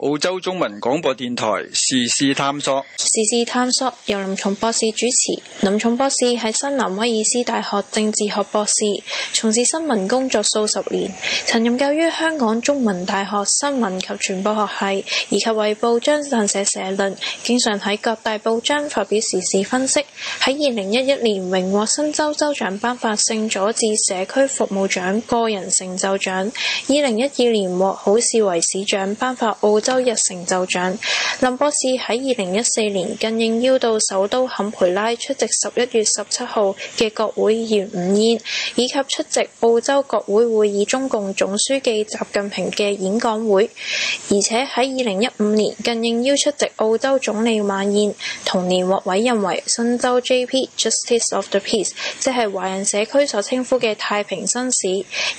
澳洲中文廣播電台時事探索，時事探索由林重博士主持。林重博士喺新南威爾斯大學政治學博士，從事新聞工作數十年，曾任教於香港中文大學新聞及傳播學系，以及為報章撰寫社論，經常喺各大報章發表時事分析。喺二零一一年榮獲新州州長頒發聖佐治社區服務獎個人成就獎，二零一二年獲好市圍市長頒。法澳洲日成就獎，林博士喺二零一四年，更應邀到首都坎培拉出席十一月十七號嘅國會議員午宴，以及出席澳洲國會會議中共總書記習近平嘅演講會。而且喺二零一五年，更應邀出席澳洲總理晚宴。同年獲委任為新州 J.P. Justice of the Peace，即係華人社區所稱呼嘅太平紳士。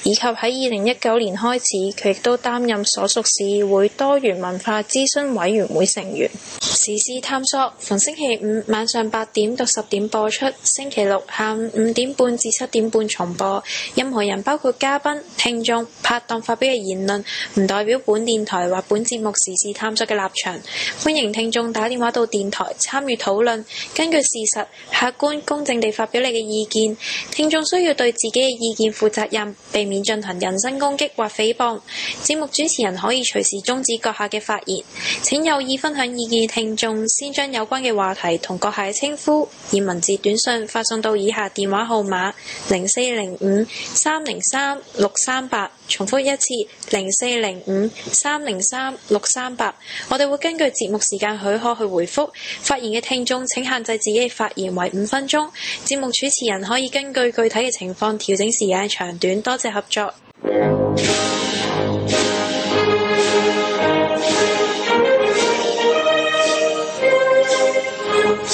以及喺二零一九年開始，佢亦都擔任所屬市議會。多元文化諮詢委員會成員。時事探索逢星期五晚上八點到十點播出，星期六下午五點半至七點半重播。任何人包括嘉賓、聽眾、拍檔發表嘅言論，唔代表本電台或本節目時事探索嘅立場。歡迎聽眾打電話到電台參與討論，根據事實、客觀、公正地發表你嘅意見。聽眾需要對自己嘅意見負責任，避免進行人身攻擊或誹謗。節目主持人可以隨時中指閣下嘅發言，請有意分享意見嘅聽眾先將有關嘅話題同閣下嘅稱呼以文字短信發送到以下電話號碼零四零五三零三六三八，重複一次零四零五三零三六三八。我哋會根據節目時間許可去回覆發言嘅聽眾，請限制自己嘅發言為五分鐘。節目主持人可以根據具體嘅情況調整時間長短，多謝合作。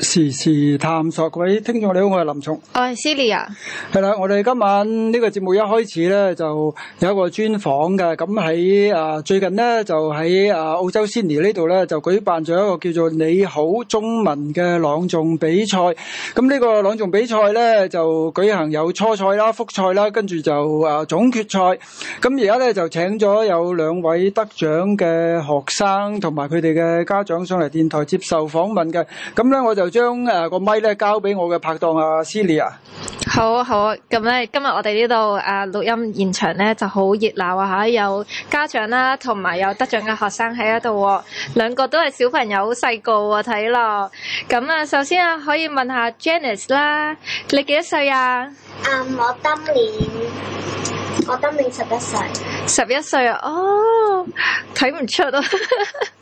時事探索，各位聽眾你好，我係林松，我係 Celia，係啦，我哋今晚呢個節目一開始咧，就有一個專訪嘅，咁喺啊最近咧就喺啊澳洲悉尼呢度咧就舉辦咗一個叫做你好中文嘅朗誦比賽，咁呢個朗誦比賽咧就舉行有初賽啦、複賽啦，跟住就啊總決賽，咁而家咧就請咗有兩位得獎嘅學生同埋佢哋嘅家長上嚟電台接受訪問嘅，咁咧我就。就將誒個咪咧交俾我嘅拍檔阿 Silly 啊。好啊好啊，咁咧今日我哋呢度誒錄音現場咧就好熱鬧啊吓，有家長啦，同埋有得獎嘅學生喺一度，兩個都係小朋友好細個啊，睇落。咁啊，首先啊，可以問一下 Janice 啦，你幾多歲啊？啊、um，我今年我今年十一歲。十一歲啊？哦，睇唔出啊。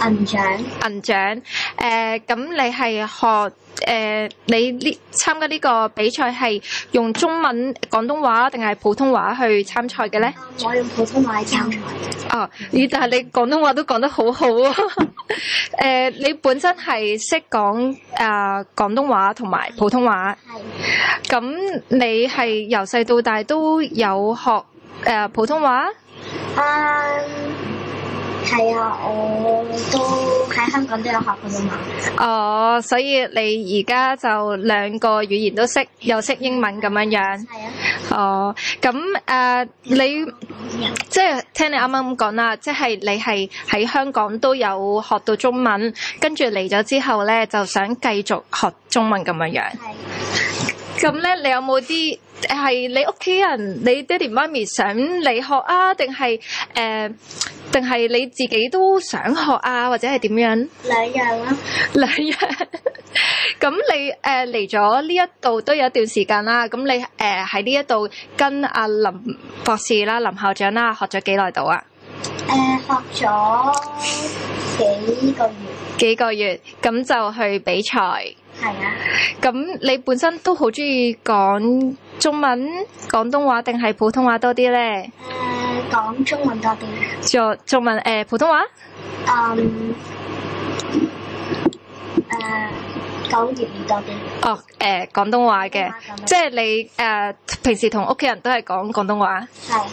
銀獎，銀獎，誒、呃，咁你係學誒、呃，你呢參加呢個比賽係用中文、廣東話定係普通話去參賽嘅呢、啊？我用普通話參賽。哦、啊，但係你廣東話都講得好好啊！誒、 呃，你本身係識講啊廣東話同埋普通話，咁你係由細到大都有學誒、呃、普通話？嗯、um,。係啊，我都喺香港都有學過英文。哦，所以你而家就兩個語言都識，又識英文咁樣樣。係啊。哦，咁誒、uh, 嗯，你即係、嗯就是、聽你啱啱咁講啦，即、就、係、是、你係喺香港都有學到中文，跟住嚟咗之後咧，就想繼續學中文咁樣樣。係。咁咧，你有冇啲係你屋企人、你爹哋媽咪想你學啊？定係誒，定、呃、係你自己都想學啊？或者係點樣？兩樣啊？兩樣。咁 你誒嚟咗呢一度都有一段時間啦。咁你誒喺呢一度跟阿林博士啦、林校長啦學咗幾耐度啊？誒、呃，學咗幾個月。幾個月，咁就去比賽。係啊，咁你本身都好中意講中文、廣東話定係普通話多啲咧？誒，講中文多啲。仲中文誒，普通話？嗯，誒，講粵語多啲。哦，誒，廣東話嘅，即係你誒，平時同屋企人都係講廣東話。係。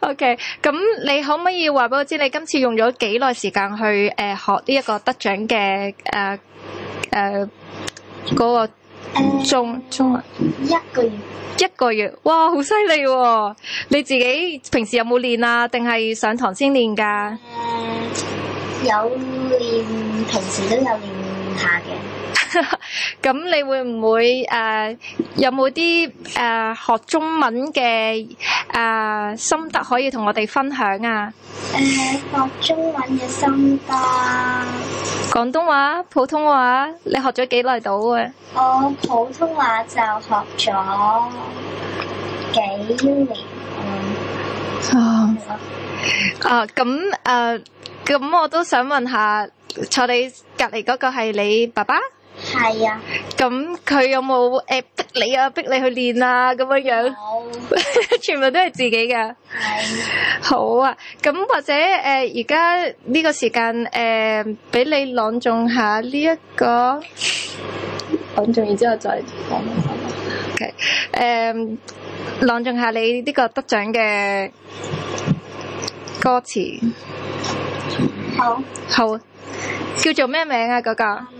OK，咁你可唔可以話俾我知，你今次用咗幾耐時間去誒學呢一個得獎嘅誒？誒，嗰個中、uh, 中文，一個月一個月，哇，好犀利喎！你自己平時有冇練啊？定係上堂先練噶？誒、uh，有練，平時都有練下嘅。咁 你會唔會誒、uh, 有冇啲誒學中文嘅誒、uh, 心得可以同我哋分享啊？誒、嗯、學中文嘅心得。廣東話普通話你學咗幾耐到啊？我普通話就學咗幾年。哦、啊。咁誒咁我都想問下坐你隔籬嗰個係你爸爸？係啊，咁佢有冇誒逼你啊？逼你去練啊？咁樣樣？係 全部都係自己㗎。係。好啊，咁或者誒，而家呢個時間誒，俾、呃、你朗誦下呢、這、一個朗誦，完之後再講 OK 誒，朗誦下你呢個得獎嘅歌詞。好。好、啊。叫做咩名啊？嗰、那個？嗯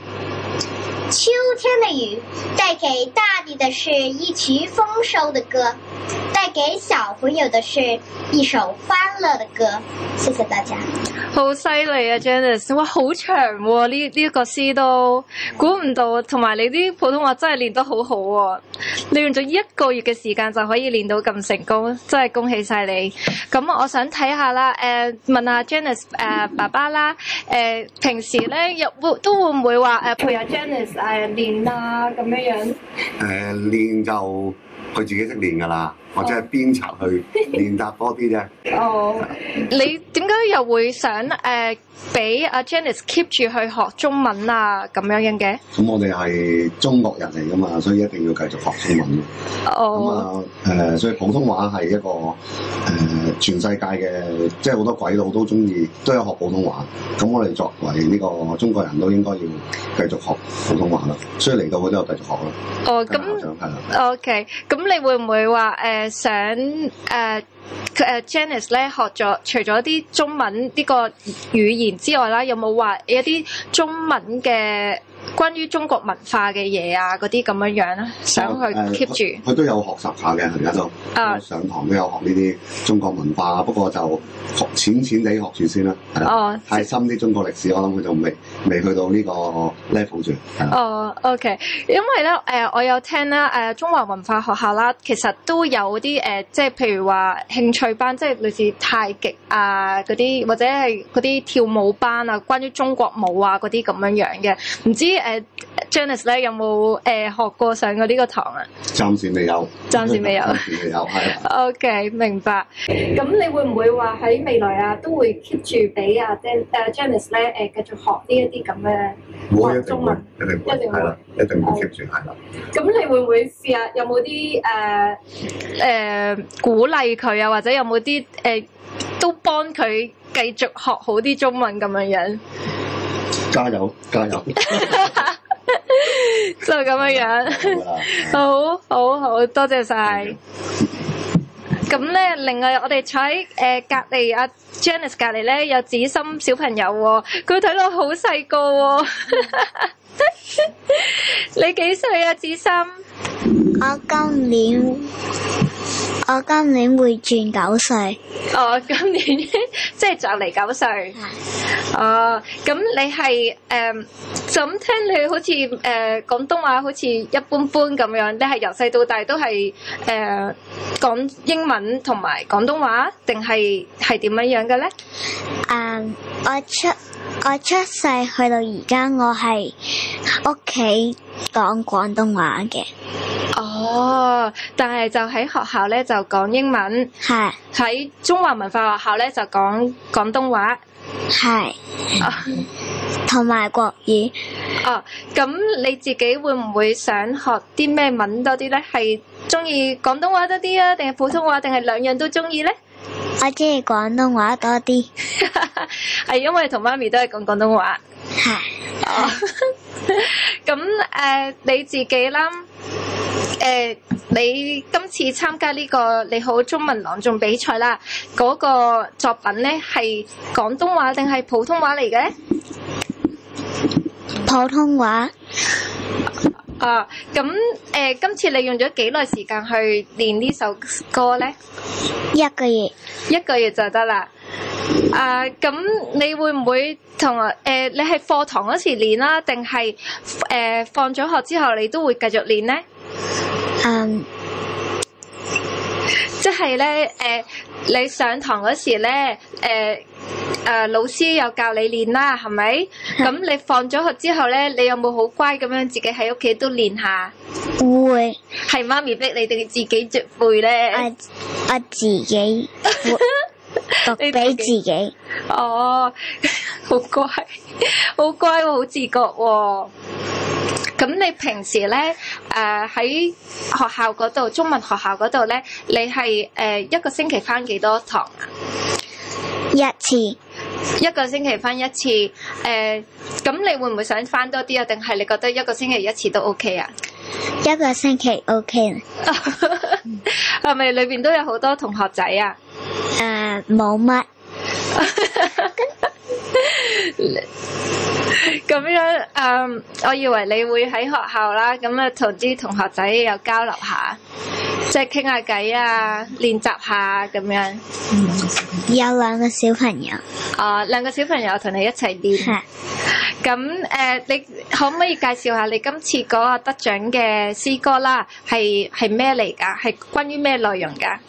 秋天的雨，帶給大地的是一曲豐收的歌，帶給小朋友的是一首歡樂的歌。謝謝大家。好犀利啊，Janice！哇，好長呢、哦、呢、呢個詩都，估唔到。同埋你啲普通話真係練得好好、哦、你用咗一個月嘅時間就可以練到咁成功，真係恭喜晒你。咁我想睇下啦，誒、呃，問下 Janice 誒、呃、爸爸啦，誒、呃，平時咧有會都會唔會話誒、呃、陪阿 Janice？誒、哎，練啊，咁樣樣誒，練、呃、就佢自己識練噶啦。或者係邊層去練習多啲啫。哦，你點解又會想誒俾阿 Janice keep 住去學中文啊？咁樣樣嘅？咁我哋係中國人嚟㗎嘛，所以一定要繼續學中文哦，咁、oh. 啊誒、呃，所以普通話係一個誒、呃、全世界嘅，即係好多鬼佬都中意，都要學普通話。咁我哋作為呢個中國人都應該要繼續學普通話咯。所以嚟到嗰度繼續學咯。哦、oh.，咁係啦。O K，咁你會唔會話誒？Uh, 誒，想誒誒 Janice 咧，學咗除咗啲中文呢個語言之外啦，有冇話一啲中文嘅？關於中國文化嘅嘢啊，嗰啲咁樣樣咧，想去 keep 住。佢、啊啊、都有學習下嘅，而家都、啊、上堂都有學呢啲中國文化不過就淺淺地學住先啦。哦，太、啊、深啲中國歷史，我諗佢就未未去到呢個 level 住。哦、啊、OK，因為咧，誒，我有聽咧，誒，中華文化學校啦，其實都有啲誒、呃，即係譬如話興趣班，即係類似太極啊，嗰啲或者係嗰啲跳舞班啊，關於中國舞啊嗰啲咁樣樣嘅，唔知。啲、uh, Janice 咧有冇誒、呃、學過上過呢個堂啊？暫時未有，暫時未有，暫時未有，係。OK，明白。咁你會唔會話喺未來啊都會 keep 住俾啊 Jan、uh, Janice 咧誒、呃、繼續學呢一啲咁嘅冇中文？一定會，一定會，一定會，一定會 keep 住係啦。咁、uh, 你會唔會試下有冇啲誒誒鼓勵佢啊？或者有冇啲誒都幫佢繼續學好啲中文咁樣樣？加油，加油！ 就咁這嘅樣， 好好好多謝晒。咁咧，另外我哋坐喺誒隔籬阿 Janice 隔籬咧有紫心小朋友、哦，佢睇到好細個、哦。 你幾歲啊，紫心？我今年我今年會轉九歲。哦，今年即係就嚟九歲。哦，咁、嗯嗯、你係誒，咁聽你好似誒廣東話好似一般般咁樣。你係由細到大都係誒講英文同埋廣東話，定係係點樣樣嘅咧？誒，我出我出世去到而家，我係屋企。講廣東話嘅。哦，但係就喺學校咧就講英文。係。喺中華文化學校咧就講廣東話。係。哦。同埋國語。哦，咁你自己會唔會想學啲咩文多啲咧？係中意廣東話多啲啊，定係普通話，定係兩樣都中意咧？我中意廣東話多啲，係 因為同媽咪都係講廣東話。係 哦， 咁、呃、誒，你自己啦，誒、呃，你今次參加呢、這個你好中文朗誦比賽啦，嗰、那個作品咧係廣東話定係普通話嚟嘅？普通話。 啊，咁誒、呃，今次你用咗幾耐時間去練呢首歌咧？一個月，一個月就得啦。啊，咁你會唔會同誒、呃，你喺課堂嗰時練啦、啊，定係誒放咗學之後你都會繼續練呢？嗯，即係咧誒，你上堂嗰時咧誒。呃誒、呃，老師又教你練啦，係咪？咁你放咗學之後咧，你有冇好乖咁樣自己喺屋企都練下？會，係媽咪逼你定自己做背咧？我我自己讀俾 自己。哦，好乖，好乖，好自覺、哦。咁你平時咧誒喺學校嗰度，中文學校嗰度咧，你係誒、呃、一個星期翻幾多堂啊？一次，一個星期返一次。誒、呃，咁你會唔會想返多啲啊？定係你覺得一個星期一次都 OK 啊？一個星期 OK。係 咪裏邊都有好多同學仔啊？誒、呃，冇乜。咁 樣。誒、嗯，我以為你會喺學校啦，咁啊同啲同學仔又交流下，即係傾下偈啊，練習下咁樣。嗯、有兩個小朋友，啊、哦，兩個小朋友同你一齊練。咁誒、呃，你可唔可以介紹下你今次嗰個得獎嘅詩歌啦？係係咩嚟噶？係關於咩內容噶？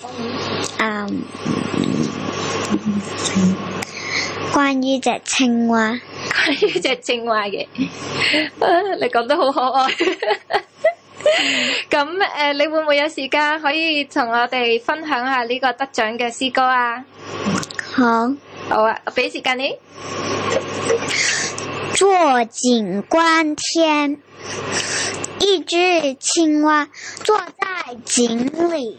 嗯。關於隻青蛙，關於隻青蛙嘅， 你講得好可愛。咁 誒，你會唔會有時間可以同我哋分享下呢個得獎嘅詩歌啊？好，好啊，我俾時間你。坐井觀天，一隻青蛙坐在井裏。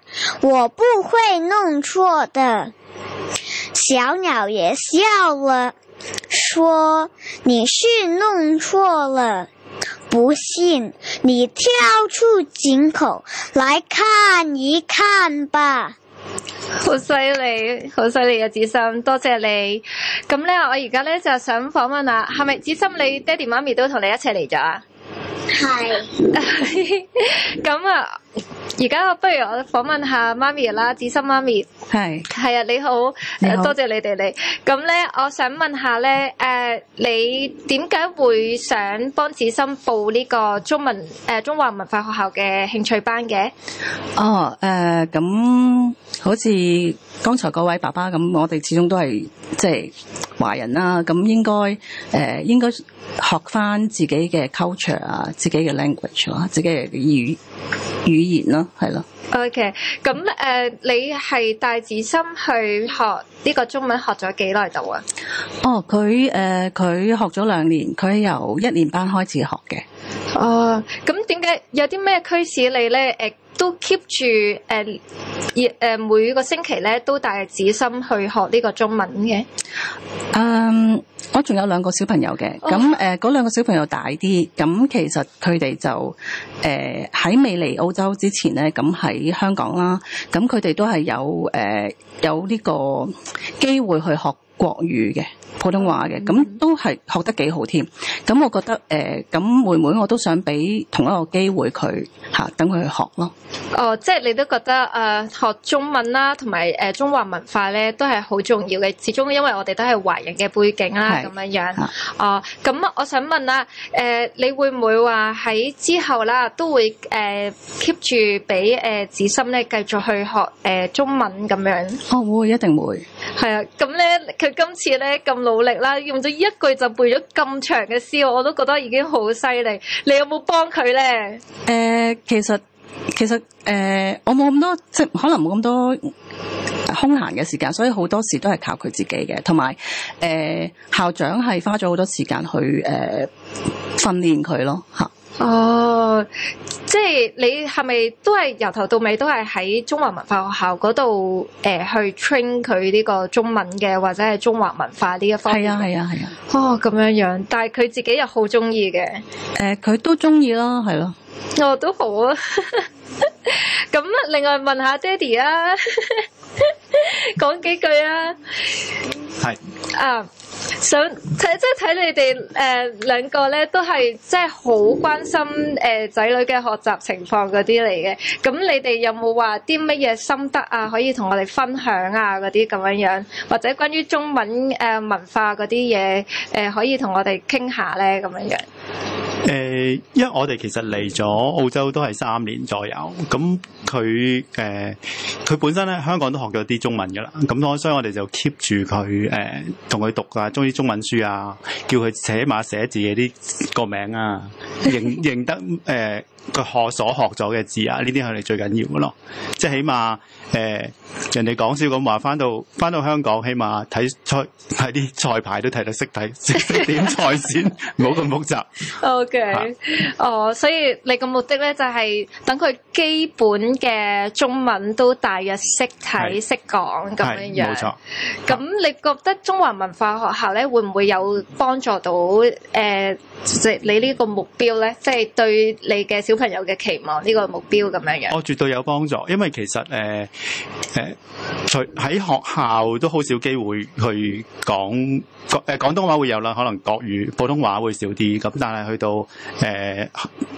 我不會弄錯的。小鳥也笑了，說：“你是弄錯了，不信你跳出井口來看一看吧。”好犀利，好犀利啊，子森，多謝你。咁咧，我而家咧就想訪問啦，係咪子森你爹哋媽咪都同你一齊嚟咗啊？係。咁啊。而家不如我訪問下媽咪啦，子心媽咪係係啊你，你好，多謝你哋你咁咧，我想問下咧，誒、呃，你點解會想幫子心報呢個中文誒、呃、中華文化學校嘅興趣班嘅？哦，誒、呃，咁好似剛才嗰位爸爸咁，我哋始終都係即係華人啦、啊，咁應該誒、呃、應該學翻自己嘅 culture 啊，自己嘅 language 啊，自己嘅語語。語語語言咯，係咯。OK，咁誒，你係帶自心去學呢個中文，學咗幾耐度啊？哦，佢誒，佢、呃、學咗兩年，佢由一年班開始學嘅。哦、oh,，咁點解有啲咩驅使你咧？誒、啊，都 keep 住誒，誒、啊啊，每個星期咧都帶子心去學呢個中文嘅。嗯、um,，我仲有兩個小朋友嘅，咁、oh. 誒，嗰、呃、兩個小朋友大啲，咁其實佢哋就誒喺、呃、未嚟澳洲之前咧，咁喺香港啦，咁佢哋都係有誒、呃、有呢個機會去學國語嘅。普通話嘅，咁都係學得幾好添，咁我覺得誒咁會唔會我都想俾同一個機會佢嚇，等佢去學咯。哦，即係你都覺得、呃、學中文啦，同埋、呃、中華文化咧都係好重要嘅。始終因為我哋都係華人嘅背景啦，咁樣樣、啊。哦，咁我想問啦，呃、你會唔會話喺之後啦都會誒、呃、keep 住俾誒、呃、子心咧繼續去學、呃、中文咁樣？哦，會，一定會。係啊，咁咧佢今次咧咁。努力啦，用咗一句就背咗咁長嘅詩，我都覺得已經好犀利。你有冇幫佢咧？誒、呃，其實其實誒，我冇咁多，即係可能冇咁多空閒嘅時間，所以好多時都係靠佢自己嘅，同埋誒校長係花咗好多時間去誒訓練佢咯，吓。哦，即係你係咪都係由頭到尾都係喺中、呃、中，中華文化學校嗰度誒，去 train 佢呢個中文嘅，或者係中華文化呢一方？係啊係啊係啊！哦咁樣樣，但係佢自己又好中意嘅。誒、呃，佢都中意啦，係咯。我、哦、都好啊。咁另外問下爹哋啊，講幾句啊。係。啊。想睇即係睇你哋誒兩個咧，都係即係好關心誒仔女嘅學習情況嗰啲嚟嘅。咁你哋有冇話啲乜嘢心得啊？可以同我哋分享啊嗰啲咁樣樣，或者關於中文誒文化嗰啲嘢誒，可以同我哋傾下咧咁樣樣。誒、uh,，因為我哋其實嚟咗澳洲都係三年左右，咁佢誒，佢、uh, 本身咧香港都學咗啲中文噶啦，咁所以我哋就 keep 住佢誒，同、uh, 佢讀啊，中意中文書啊，叫佢寫碼、寫自己嘅啲個名啊，認認得誒。Uh, 佢學所學咗嘅字啊，呢啲係你最緊要嘅咯。即係起碼，誒、呃、人哋講笑咁話，翻到翻到香港，起碼睇菜睇啲菜牌都睇到識睇，識 點菜先冇咁 複雜。OK， 哦，所以你嘅目的咧就係等佢基本嘅中文都大約識睇識講咁樣樣。冇錯。咁你覺得中華文化學校咧會唔會有幫助到誒？即、呃、係、就是、你呢個目標咧，即、就、係、是、對你嘅小朋友嘅期望呢、呢個目標咁樣嘅，我絕對有幫助，因為其實誒誒、呃、除喺學校都好少機會去講誒廣東話會有啦，可能國語普通話會少啲。咁但係去到誒、呃、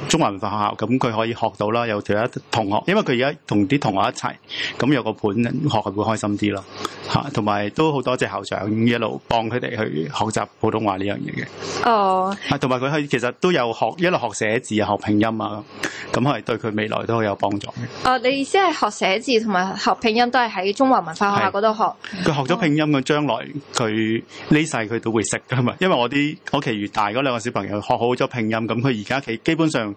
中華文化學校，咁佢可以學到啦，有其他同學，因為佢而家同啲同學一齊咁有個伴學係會開心啲咯。吓、啊，同埋都好多謝校長一路幫佢哋去學習普通話呢樣嘢嘅。哦、oh.，啊，同埋佢去其實都有學一路學寫字啊，學拼音啊。咁係對佢未來都有幫助、啊、你意思係學寫字同埋學拼音都係喺中華文化學校嗰度學？佢學咗拼音嘅將來，佢呢世佢都會識噶嘛？因為我啲我其餘大嗰兩個小朋友學好咗拼音，咁佢而家基本上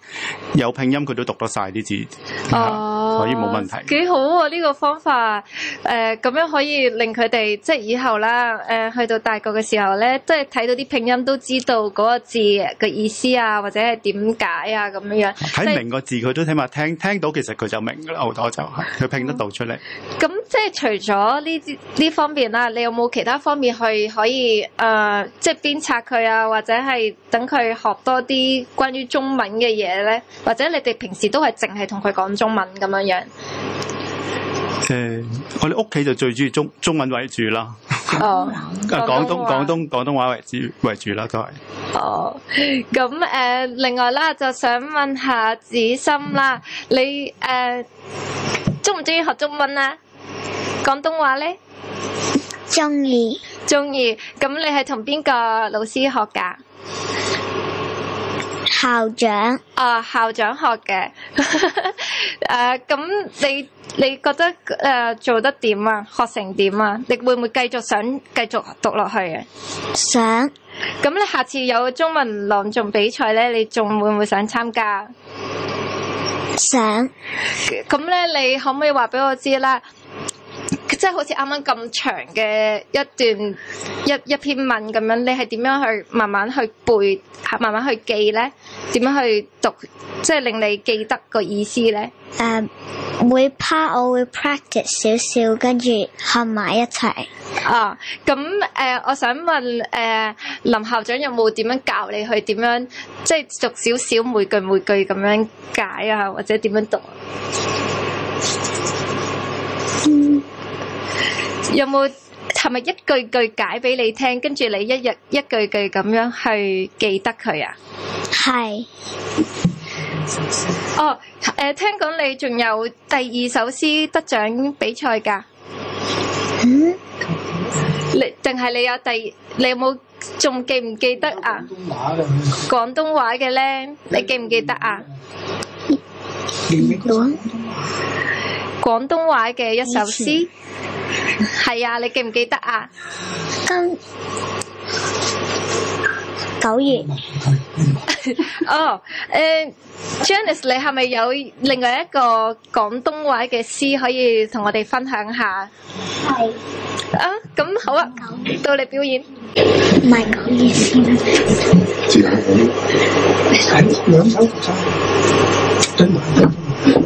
有拼音佢都讀得晒啲字、啊啊，所以冇問題、啊。幾好喎，呢個方法，誒、呃，咁樣可以令佢哋即係以後啦，誒、呃，去到大個嘅時候咧，即係睇到啲拼音都知道嗰個字嘅意思啊，或者係點解啊咁樣樣。睇明個字，佢都起碼聽聽到，其實佢就明啦。好多就係佢拼得到出嚟、嗯。咁即係除咗呢啲呢方面啦，你有冇其他方面去可以誒、呃，即係鞭策佢啊，或者係等佢學多啲關於中文嘅嘢咧？或者你哋平時都係淨係同佢講中文咁樣樣？誒、呃，我哋屋企就最主要中意中中文為主啦，啊、哦，廣 東廣東廣東，東話為主為主啦，都係。哦，咁誒、呃，另外啦，就想問下子心啦，嗯、你誒、呃、中唔中意學中文咧、啊？廣東話咧？中意。中意。咁你係同邊個老師學㗎？校長啊，校長學嘅，誒、 啊，咁你你覺得誒、呃、做得點啊，學成點啊？你會唔會繼續想繼續讀落去啊？想。咁你下次有中文朗誦比賽咧，你仲會唔會想參加？想。咁咧，你可唔可以話俾我知啦？即係好似啱啱咁長嘅一段一一篇文咁樣，你係點樣去慢慢去背、慢慢去記呢？點樣去讀，即係令你記得個意思呢？誒、uh，每 part 我會 practice 少少，跟住合埋一齊。啊、uh，嗯，咁、嗯、誒、嗯，我想問誒、嗯、林校長有冇點樣教你去點樣，即係讀少少每句每句咁樣解啊，或者點樣讀？Mm. 有冇係咪一句句解俾你聽，跟住你一日一句句咁樣去記得佢啊？係。哦，誒，聽講你仲有第二首詩得獎比賽㗎？嗯？你定係你有第？你有冇仲記唔記得啊？廣東話嘅，廣東話嘅咧，你記唔記得啊？唔懂。廣東話嘅一首詩，係啊，你記唔記得啊？今九月，哦，誒，Janice，你係咪有另外一個廣東話嘅詩可以同我哋分享下？係啊，咁好啊，到你表演。唔係，唔好意思。只係睇兩首詩。真難。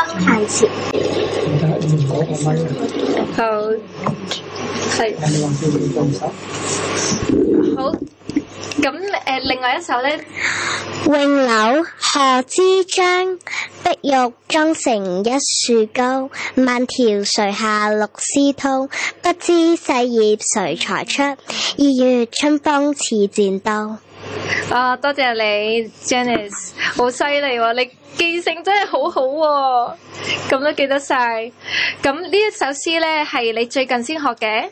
好，咁、呃、另外一首呢？《詠柳》：賀知章。碧玉妝成一樹高，萬條垂下綠絲絛。不知細葉誰裁出？二月春風似剪刀。啊、哦，多謝你，Janice，好犀利喎！你記性真係好好、哦、喎，咁都記得晒。咁呢一首詩咧，係你最近先學嘅？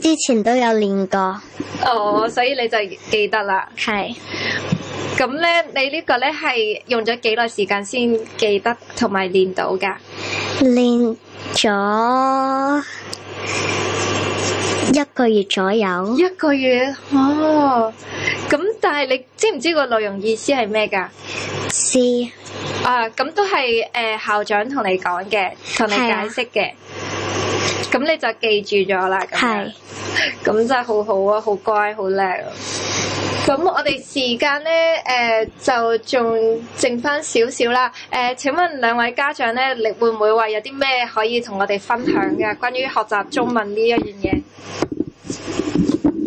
之前都有練過，哦，所以你就記得啦。係。咁咧，你呢個咧係用咗幾耐時間先記得同埋練到噶？練咗一個月左右。一個月哦，咁但係你知唔知個內容意思係咩噶？係啊，咁都係誒、呃、校長同你講嘅，同你解釋嘅。咁你就記住咗啦，咁，咁真係好好啊，好乖，好叻。咁我哋時間呢，呃、就仲剩翻少少啦。誒、呃，請問兩位家長呢，你會唔會話有啲咩可以同我哋分享嘅，關於學習中文呢一樣嘢？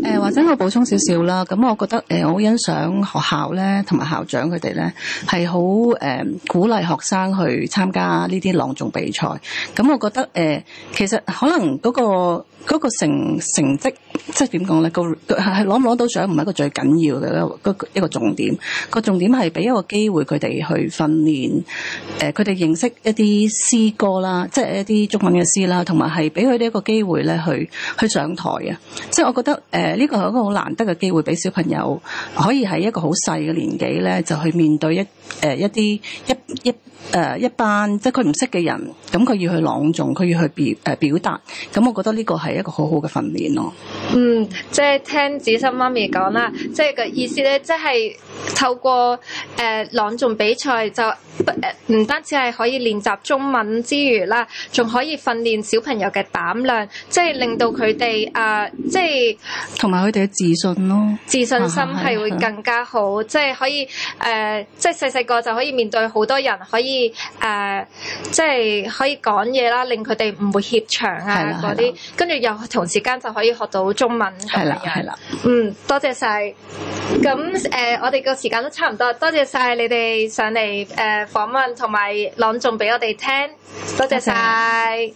誒、呃、或者我補充少少啦，咁我覺得、呃、我好欣賞學校咧同埋校長佢哋咧係好誒鼓勵學生去參加呢啲朗誦比賽，咁我覺得誒、呃、其實可能嗰、那個。嗰、那個成成績即係點講咧？攞唔攞到獎唔係一個最緊要嘅一一個重點。個重點係俾一個機會佢哋去訓練。誒、呃，佢哋認識一啲詩歌啦，即係一啲中文嘅詩啦，同埋係俾佢哋一個機會咧去去上台啊！即係我覺得誒，呢、呃這個係一個好難得嘅機會給，俾小朋友可以喺一個好細嘅年紀咧，就去面對一誒、呃、一啲一一。一誒、呃、一班即係佢唔識嘅人，咁佢要去朗誦，佢要去表誒表達，咁我覺得呢個係一個好好嘅訓練咯。嗯，即係聽子心媽咪講啦，即係個意思咧，即係透過誒朗誦比賽就誒唔單止係可以練習中文之餘啦，仲可以訓練小朋友嘅膽量，即係令到佢哋誒即係同埋佢哋嘅自信咯。自信心係會更加好，即係可以誒即係細細個就可以面對好多人，可以。以、呃、即係可以講嘢啦，令佢哋唔會怯場啊，嗰啲跟住又同時間就可以學到中文，係啦，係啦，嗯，多謝晒。咁誒，我哋個時間都差唔多，多謝晒你哋上嚟誒訪問同埋朗誦俾我哋聽，多謝晒。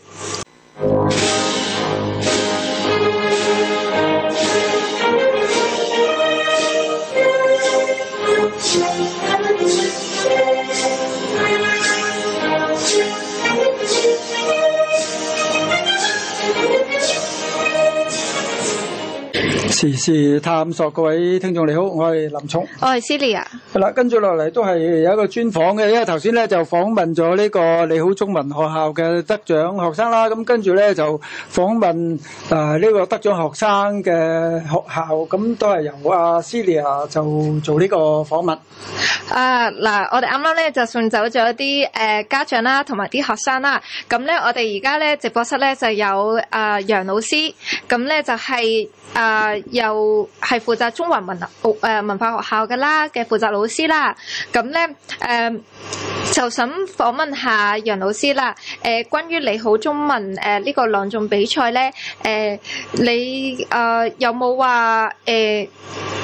嗯嗯嗯時事探索，各位聽眾你好，我係林聰，我係 Celia。好啦，跟住落嚟都係有一個專訪嘅，因為頭先咧就訪問咗呢個你好中文學校嘅得獎學生啦。咁跟住咧就訪問誒呢個得獎學生嘅學校，咁都係由我阿 Celia 就做呢個訪問。啊嗱，我哋啱啱咧就送走咗一啲誒家長啦，同埋啲學生啦。咁咧，我哋而家咧直播室咧就有誒楊老師，咁咧就係。誒、啊、又係負責中華文誒文化學校噶啦嘅負責老師啦，咁咧誒就想訪問下楊老師啦。誒、呃、關於你好中文誒、呃這個、呢個朗誦比賽咧，誒、呃、你誒、呃、有冇話誒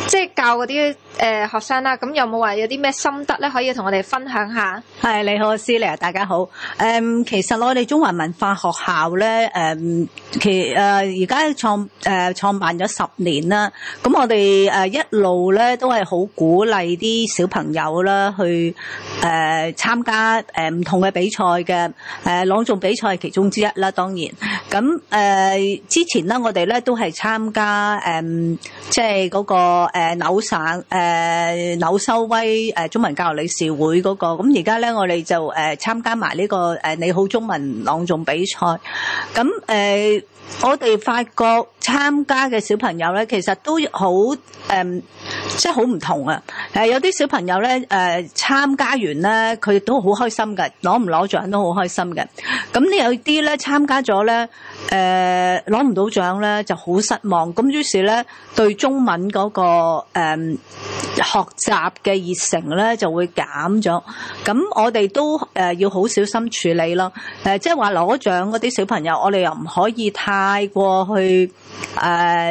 即係教啲誒、呃、學生啦？咁有冇話有啲咩心得咧？可以同我哋分享下？係，你好，Celine，啊大家好。誒、嗯、其實我哋中華文化學校咧，誒、嗯、其誒而家創誒創辦。咗十年啦，咁我哋誒一路咧都係好鼓勵啲小朋友啦，去誒參加誒唔同嘅比賽嘅，誒朗誦比賽係其中之一啦。當然，咁誒之前咧我哋咧都係參加誒即係嗰個誒紐省誒紐修威誒中文教育理事會嗰個，咁而家咧我哋就誒參加埋呢個誒你好中文朗誦比賽。咁誒我哋發覺參加嘅。嗯啊、小朋友咧，其實都好誒，即係好唔同啊！誒，有啲小朋友咧誒參加完咧，佢都好開心嘅，攞唔攞獎都好開心嘅。咁呢，有啲咧參加咗咧誒，攞、呃、唔到獎咧就好失望。咁於是咧對中文嗰、嗰個誒、呃、學習嘅熱誠咧就會減咗。咁我哋都誒、呃、要好小心處理咯。誒、呃、即係話攞獎嗰啲小朋友，我哋又唔可以太過去誒。呃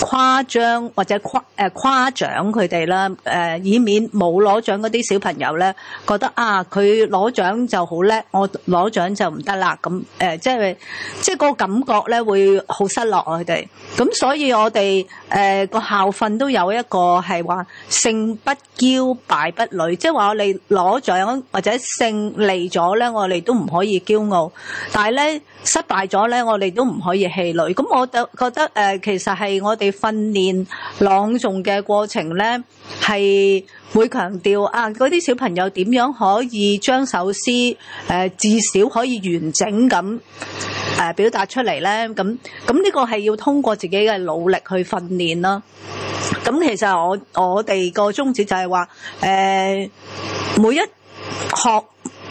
誇張或者誇誒誇獎佢哋啦，誒以免冇攞獎嗰啲小朋友咧覺得啊佢攞獎就好叻，我攞獎就唔得啦咁誒，即係即係嗰個感覺咧會好失落啊佢哋，咁所以我哋誒個校訓都有一個係話勝不驕敗不餒，即係話我哋攞獎或者勝利咗咧，我哋都唔可以驕傲，但係咧失敗咗咧，我哋都唔可以氣餒。咁我就覺得誒其實係我。我哋訓練朗誦嘅過程呢，係會強調啊，嗰啲小朋友點樣可以將首詩誒、呃、至少可以完整咁誒、呃呃、表達出嚟呢？咁咁呢個係要通過自己嘅努力去訓練啦。咁其實我我哋個宗旨就係話誒，每一學。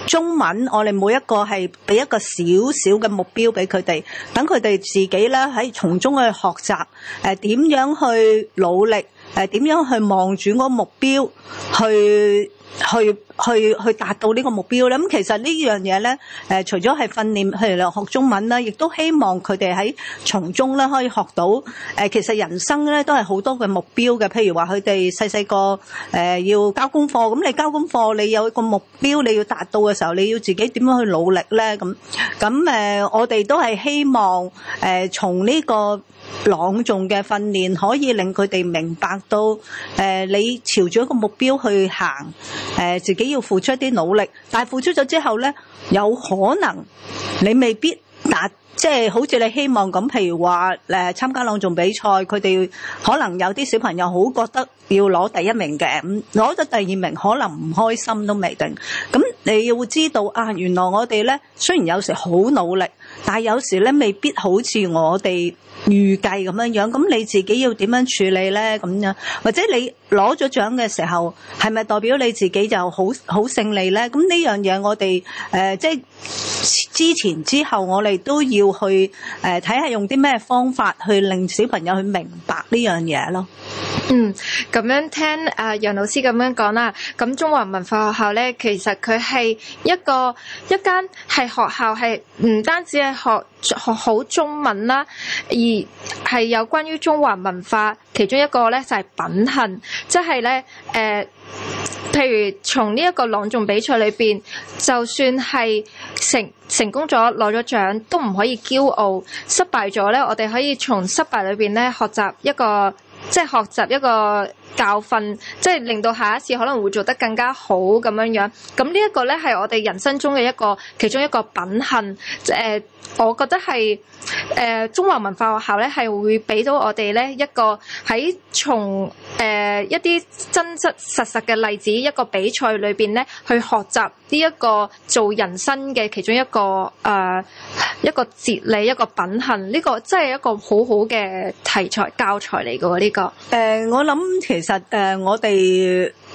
中文，我哋每一個係俾一個小小嘅目標俾佢哋，等佢哋自己咧喺從中去學習，誒點樣去努力，誒點樣去望住個目標去。去去去達到呢個目標咧。咁其實呢樣嘢咧，誒，除咗係訓練佢哋學中文啦，亦都希望佢哋喺從中咧可以學到誒，其實人生咧都係好多嘅目標嘅。譬如話佢哋細細個誒要交功課，咁你交功課，你有個目標你要達到嘅時候，你要自己點樣去努力咧？咁咁誒，我哋都係希望誒，從呢個。朗誦嘅訓練可以令佢哋明白到，誒，你朝住一個目標去行，誒，自己要付出一啲努力。但係付出咗之後咧，有可能你未必達，即係好似你希望咁。譬如話誒參加朗誦比賽，佢哋可能有啲小朋友好覺得要攞第一名嘅，攞咗第二名可能唔開心都未定。咁你要知道啊，原來我哋咧雖然有時好努力，但係有時咧未必好似我哋。預計咁樣樣，咁你自己要點樣處理咧？咁樣或者你。攞咗獎嘅時候，係咪代表你自己就好好勝利咧？咁呢樣嘢，我哋、呃、即係之前之後，我哋都要去、呃、睇下用啲咩方法去令小朋友去明白呢樣嘢咯。嗯，咁樣聽誒楊老師咁樣講啦。咁中華文化學校咧，其實佢係一個一間係學校，係唔單止係學學好中文啦，而係有關於中華文化。其中一個咧就係、是、品行，即係咧誒，譬如從呢一個朗誦比賽裏面，就算係成成功咗攞咗獎，都唔可以驕傲；失敗咗咧，我哋可以從失敗裏面咧學習一個，即係學習一個教訓，即係令到下一次可能會做得更加好咁樣樣。咁呢一個呢，係我哋人生中嘅一個其中一個品行。誒、呃，我覺得係誒、呃、中華文化學校呢，係會俾到我哋呢一個喺從誒、呃、一啲真實實實嘅例子一個比賽裏邊呢，去學習呢一個做人生嘅其中一個誒、呃、一個哲理一個品行。呢、這個真係一個好好嘅題材教材嚟嘅喎呢個。誒、呃，我諗。其實，誒，我哋。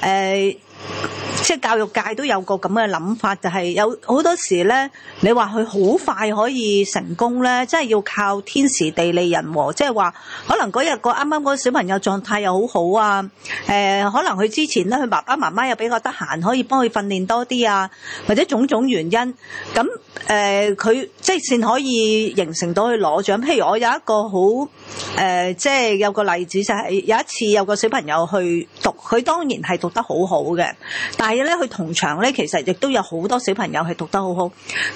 誒。即係教育界都有個咁嘅諗法，就係、是、有好多時咧，你話佢好快可以成功咧，即係要靠天時地利人和，即係話可能嗰日個啱啱個小朋友狀態又好好啊，誒、呃，可能佢之前咧，佢爸爸媽媽又比較得閒，可以幫佢訓練多啲啊，或者種種原因，咁誒，佢、呃、即係先可以形成到去攞獎。譬如我有一個好誒、呃，即係有個例子就係、是、有一次有個小朋友去讀，佢當然係讀得好好嘅。但係咧，佢同場咧，其實亦都有好多小朋友係讀得好好，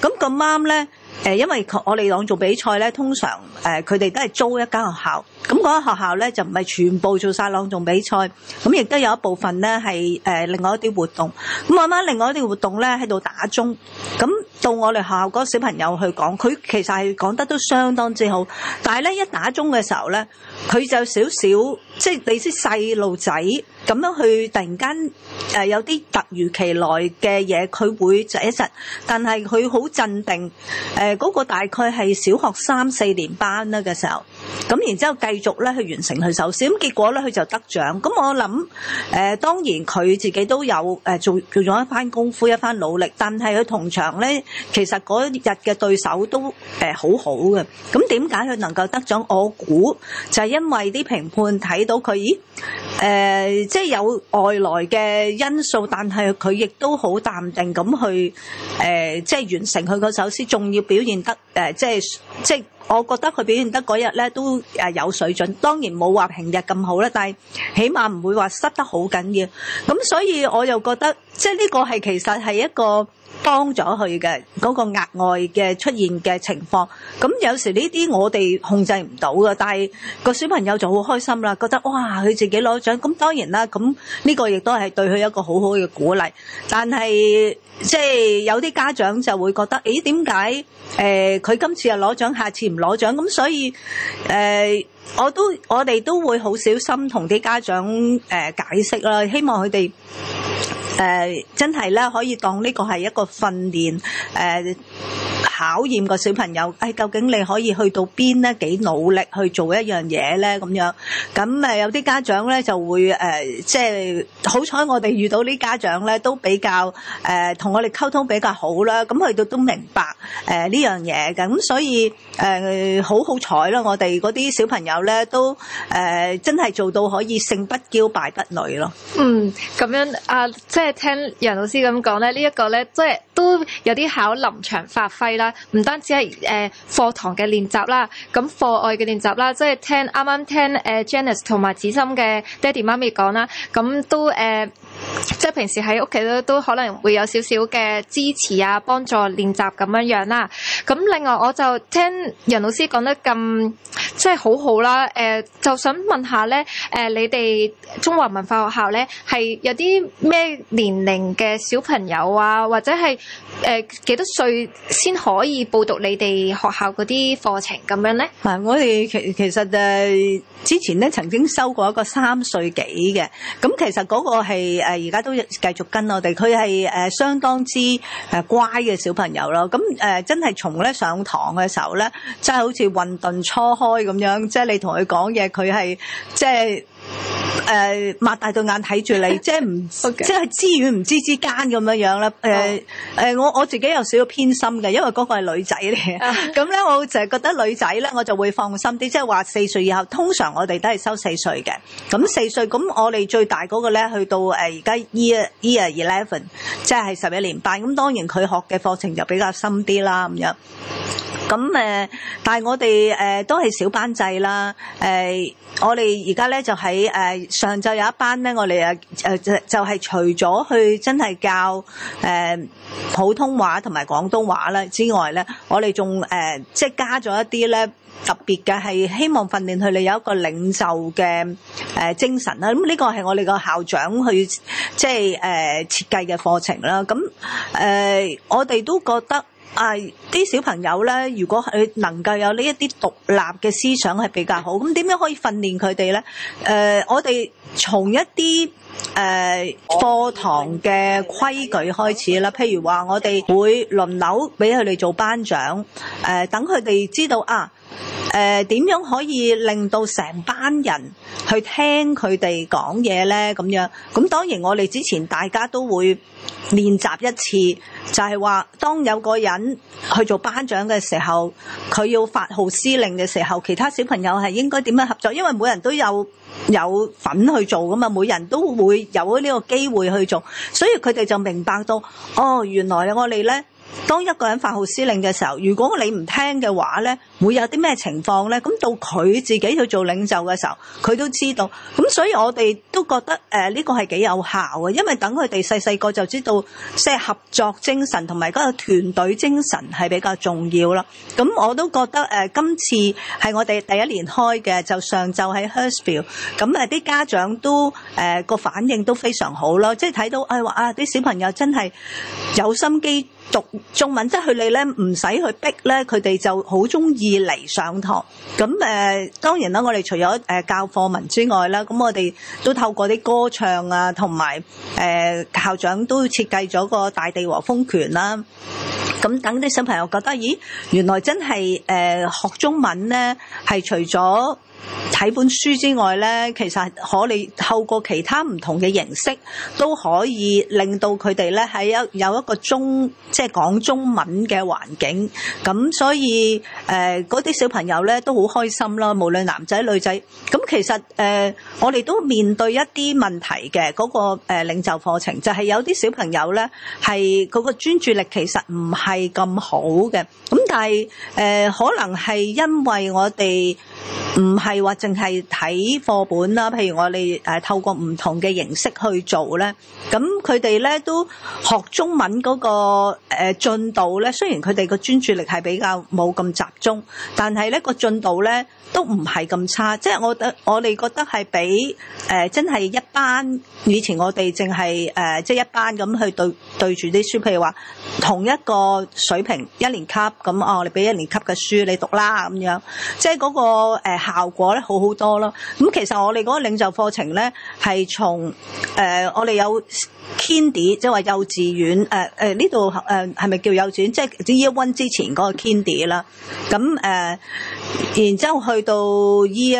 咁咁啱咧。因為我哋朗誦比賽咧，通常誒佢哋都係租一間學校，咁嗰間學校咧就唔係全部做曬朗誦比賽，咁亦都有一部分咧係另外一啲活動。咁啱啱另外一啲活動咧喺度打鐘，咁到我哋學校嗰個小朋友去講，佢其實係講得都相當之好，但係咧一打鐘嘅時候咧，佢就少少，即係你啲細路仔咁樣去突然間、呃、有啲突如其來嘅嘢，佢會窒一窒，但係佢好鎮定。呃誒、那、嗰個大概係小學三四年班啦嘅時候。咁然之後繼續咧去完成佢首詩，咁結果咧佢就得獎。咁我諗誒當然佢自己都有誒做做咗一番功夫、一番努力，但係佢同場咧其實嗰日嘅對手都誒好好嘅。咁點解佢能夠得獎？我估就係因為啲評判睇到佢，誒即係有外來嘅因素，但係佢亦都好淡定咁去誒即係完成佢嗰首詩，仲要表現得誒即係即係。我覺得佢表現得嗰日咧都誒有水準，當然冇話平日咁好啦，但係起碼唔會話失得好緊要。咁所以我又覺得，即係呢個係其實係一個。幫咗佢嘅嗰個額外嘅出現嘅情況，咁有時呢啲我哋控制唔到嘅，但係個小朋友就好開心啦，覺得哇，佢自己攞獎，咁當然啦，咁呢個亦都係對佢一個好好嘅鼓勵。但係即係有啲家長就會覺得，咦，點解誒佢今次又攞獎，下次唔攞獎？咁所以誒，我都我哋都會好小心同啲家長誒解釋啦，希望佢哋。誒、呃，真係啦，可以當呢個係一個訓練誒。呃考驗個小朋友，誒究竟，你可以去到邊咧？幾努力去做一樣嘢咧？咁樣，咁誒有啲家長咧就會誒即係好彩，我哋遇到啲家長咧都比較誒同、呃、我哋溝通比較好啦。咁佢哋都明白誒呢、呃、樣嘢。咁所以誒好好彩啦！我哋啲小朋友咧都誒、呃、真係做到可以勝不驕敗不餒咯。嗯，咁樣啊，即、就、係、是、聽楊老師咁講咧，這個、呢一個咧，即、就、係、是、都有啲考臨場發揮啦。唔單止係誒課堂嘅練習啦，咁課外嘅練習啦，即係聽啱啱聽誒 Janice 同埋子心嘅爹哋媽咪講啦，咁都誒。呃即、係平時喺屋企咧，都可能會有少少嘅支持啊，幫助練習咁樣樣啦。咁另外，我就聽楊老師講得咁即係好好啦。誒，就想問下咧，誒，你哋中華文化學校咧係有啲咩年齡嘅小朋友啊，或者係誒幾多歲先可以報讀你哋學校嗰啲課程咁樣咧？嗱，我哋其其實誒，之前咧曾經收過一個三歲幾嘅，咁其實嗰個係。誒而家都繼續跟我哋，佢係誒相當之誒乖嘅小朋友咯。咁誒真係從咧上堂嘅時候咧，真係好似混沌初開咁樣，即係你同佢講嘢，佢係即係。即係誒、呃，擘大對眼睇住你，即係唔、 okay. 即係知與唔知之間咁樣樣啦。誒、呃、誒、oh. 呃，我我自己有少少偏心嘅，因為嗰個係女仔嚟嘅。咁咧，我就係覺得女仔咧，我就會放心啲。即係話四歲以後，通常我哋都係收四歲嘅。咁四歲，咁我哋最大嗰個咧，去到誒而家 Year Year Eleven，即係十一年班。咁當然佢學嘅課程就比較深啲啦。咁樣，咁誒、呃，但係我哋誒、呃、都係小班制啦。誒、呃，我哋而家咧就喺。誒、呃、上晝有一班咧，我哋就係除咗去真係教、呃、普通話同埋廣東話啦之外咧，我哋仲、呃、即係加咗一啲咧特別嘅，係希望訓練佢哋有一個領袖嘅、呃、精神啦。咁呢個係我哋個校長去即係、呃、設計嘅課程啦。咁誒、呃、我哋都覺得。啊！啲小朋友咧，如果佢能夠有呢一啲獨立嘅思想，係比較好。咁點樣可以訓練佢哋咧？誒、呃，我哋從一啲誒、呃、課堂嘅規矩開始啦。譬如話，我哋會輪流俾佢哋做班長，誒，等佢哋知道啊。誒、呃，點樣可以令到成班人去聽佢哋講嘢咧？咁樣咁，當然我哋之前大家都會練習一次，就係、是、話當有個人去做班長嘅時候，佢要發號施令嘅時候，其他小朋友係應該點樣合作？因為每人都有有份去做噶嘛，每人都會有呢個機會去做，所以佢哋就明白到哦，原來我哋咧，當一個人發號施令嘅時候，如果你唔聽嘅話咧。會有啲咩情況咧？咁到佢自己去做領袖嘅時候，佢都知道。咁所以我哋都覺得誒呢個係幾有效嘅，因為等佢哋細細個就知道，即係合作精神同埋嗰個團隊精神係比較重要啦。咁我都覺得誒今次係我哋第一年開嘅，就上晝喺 Hurstville，咁啊啲家長都誒個反應都非常好咯，即係睇到誒話啊啲小朋友真係有心機讀中文，即係佢哋咧唔使去逼咧，佢哋就好中意。嚟上堂，咁誒、呃、當然啦，我哋除咗誒、呃、教課文之外啦，咁我哋都透過啲歌唱啊，同埋誒校長都設計咗個大地和風拳啦、啊，咁等啲小朋友覺得，咦，原來真係誒、呃、學中文咧，係除咗睇本書之外咧，其實可你透過其他唔同嘅形式，都可以令到佢哋咧係一有一個中即係講中文嘅環境。咁所以誒，嗰啲小朋友咧都好開心啦。無論男仔女仔，咁其實誒，我哋都面對一啲問題嘅嗰個誒領袖課程，就係有啲小朋友咧係嗰個專注力其實唔係咁好嘅。咁但係誒，可能係因為我哋唔。係話淨係睇課本啦，譬如我哋誒透過唔同嘅形式去做咧，咁佢哋咧都學中文嗰個誒進度咧，雖然佢哋個專注力係比較冇咁集中，但係咧個進度咧都唔係咁差，即係我得我哋覺得係比誒、呃、真係一班以前我哋淨係誒即係一班咁去對對住啲書，譬如話同一個水平一年級，咁哦，你俾一年級嘅書你讀啦咁樣，即係嗰個誒效。果咧好好多咯，咁其實我哋個領袖課程咧係從誒我哋有 kindy 即係話幼稚園誒誒呢度誒係咪叫幼稚園？即係 e one 之前個個 kindy 啦，咁誒、呃、然之後去到 e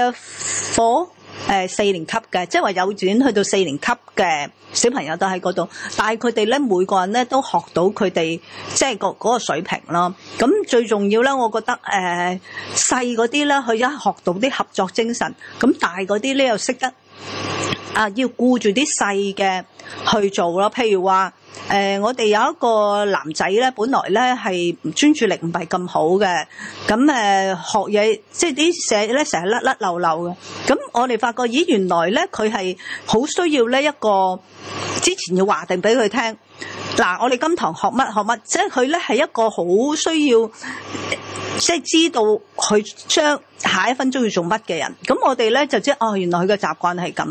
four。誒，四年級嘅，即係話幼稚園去到四年級嘅小朋友都喺嗰度，但係佢哋咧，每個人咧都學到佢哋即係嗰嗰個水平咯。咁最重要咧，我覺得誒，細嗰啲咧，佢一學到啲合作精神，咁大嗰啲咧又識得啊，要顧住啲細嘅去做咯。譬如話。誒、 呃，我哋有一個男仔咧，本來咧係專注力唔係咁好嘅，咁誒，學嘢，即係啲寫咧成日甩甩漏漏嘅，咁我哋發覺，咦，原來咧佢係好需要咧一個之前要話定俾佢聽。嗱，我哋今堂學乜學乜，即係佢咧係一個好需要，即係知道佢將下一分鐘要做乜嘅人。咁我哋咧就知哦，原來佢嘅習慣係咁。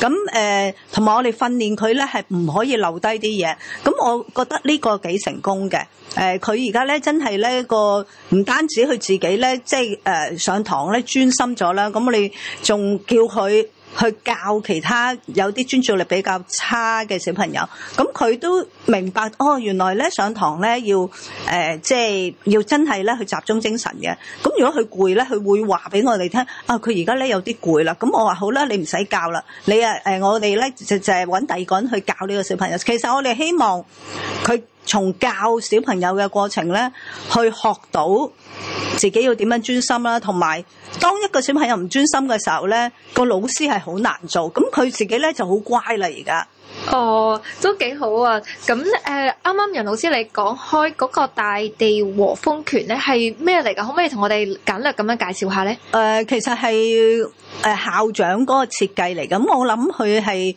咁誒，呃、同埋我哋訓練佢咧係唔可以留低啲嘢。咁我覺得呢個幾成功嘅。誒、呃，佢而家咧真係咧個唔單止佢自己咧，即係誒、呃、上堂咧專心咗啦。咁我哋仲叫佢。去教其他有啲專注力比較差嘅小朋友，咁佢都明白哦，原來咧上堂咧要誒、呃、即係要真係咧去集中精神嘅。咁如果佢攰咧，佢會話俾我哋聽啊，佢而家咧有啲攰啦。咁我話好啦，你唔使教啦，你啊誒、呃、我哋咧就就係揾第二個人去教呢個小朋友。其實我哋希望佢。從教小朋友嘅過程咧，去學到自己要點樣專心啦、啊，同埋當一個小朋友唔專心嘅時候咧，個老師係好難做。咁佢自己咧就好乖啦，而家。哦，都幾好啊！咁誒，啱啱楊老師你講開嗰個大地和風拳咧，係咩嚟噶？可唔可以同我哋簡略咁樣介紹下咧？誒、呃，其實係誒校長嗰個設計嚟嘅。咁我諗佢係。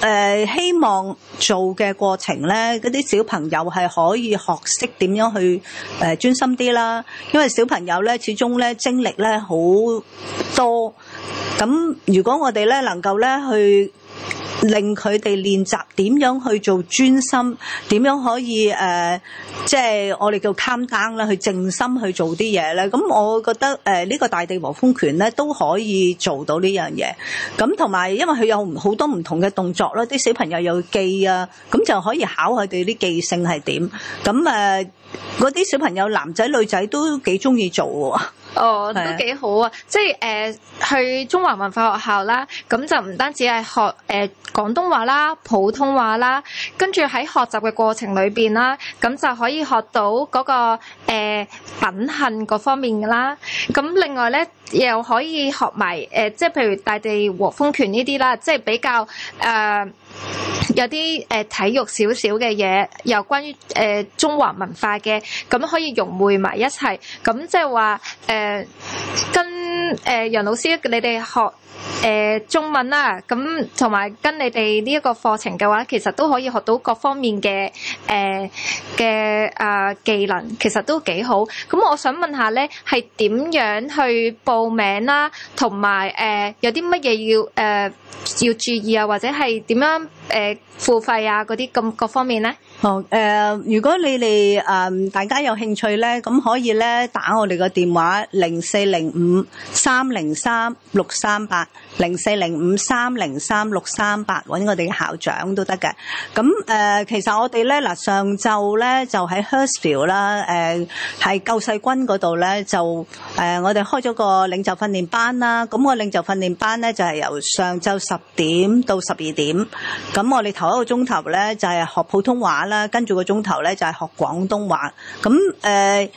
誒、呃，希望做嘅過程咧，嗰啲小朋友係可以學識點樣去誒呃、專心啲啦，因為小朋友咧始終咧精力咧好多，咁如果我哋咧能夠咧去。令佢哋練習點樣去做專心，點樣可以誒、呃，即係我哋叫 calm down 啦，去靜心去做啲嘢咧。咁我覺得誒，呢、呃這個大地和風拳咧都可以做到呢樣嘢。咁同埋，因為佢有好多唔同嘅動作啦，啲小朋友有記啊，咁就可以考佢哋啲記性係點。咁誒，嗰、呃、啲小朋友男仔女仔都幾中意做。哦，都幾好啊！即係誒、呃，去中華文化學校啦，咁就唔單止係學誒、呃、廣東話啦、普通話啦，跟住喺學習嘅過程裏邊啦，咁就可以學到嗰、那個誒、呃、品行嗰方面噶啦。咁另外咧。又可以學埋誒、呃、即係譬如大地和風拳呢啲啦，即係比較誒、呃、有啲誒、呃、體育少少嘅嘢，又關於誒、呃、中華文化嘅，咁可以融匯埋一齊。咁即係話誒跟誒楊、呃、老師你哋學誒、呃、中文啦、啊，咁同埋跟你哋呢一個課程嘅話，其實都可以學到各方面嘅誒嘅誒技能，其實都幾好。咁我想問下咧，係點樣去報？報名啦，同埋誒有啲乜嘢要誒要要注意啊，或者係點樣。誒付費啊，嗰啲咁各方面咧？哦，誒，如果你哋誒大家有興趣咧，咁可以咧打我哋嘅電話零四零五三零三六三八零四零五三零三六三八，揾我哋嘅校長都得嘅。咁誒，其實我哋咧嗱，上晝咧就喺 Hersfield 啦，誒係救世軍嗰度咧就誒我哋開咗個領袖訓練班啦。咁個領袖訓練班咧就係由上晝十點到十二點。咁我哋頭一個鐘頭咧就係、是、學普通話啦，跟住個鐘頭咧就係、是、學廣東話。咁誒、呃、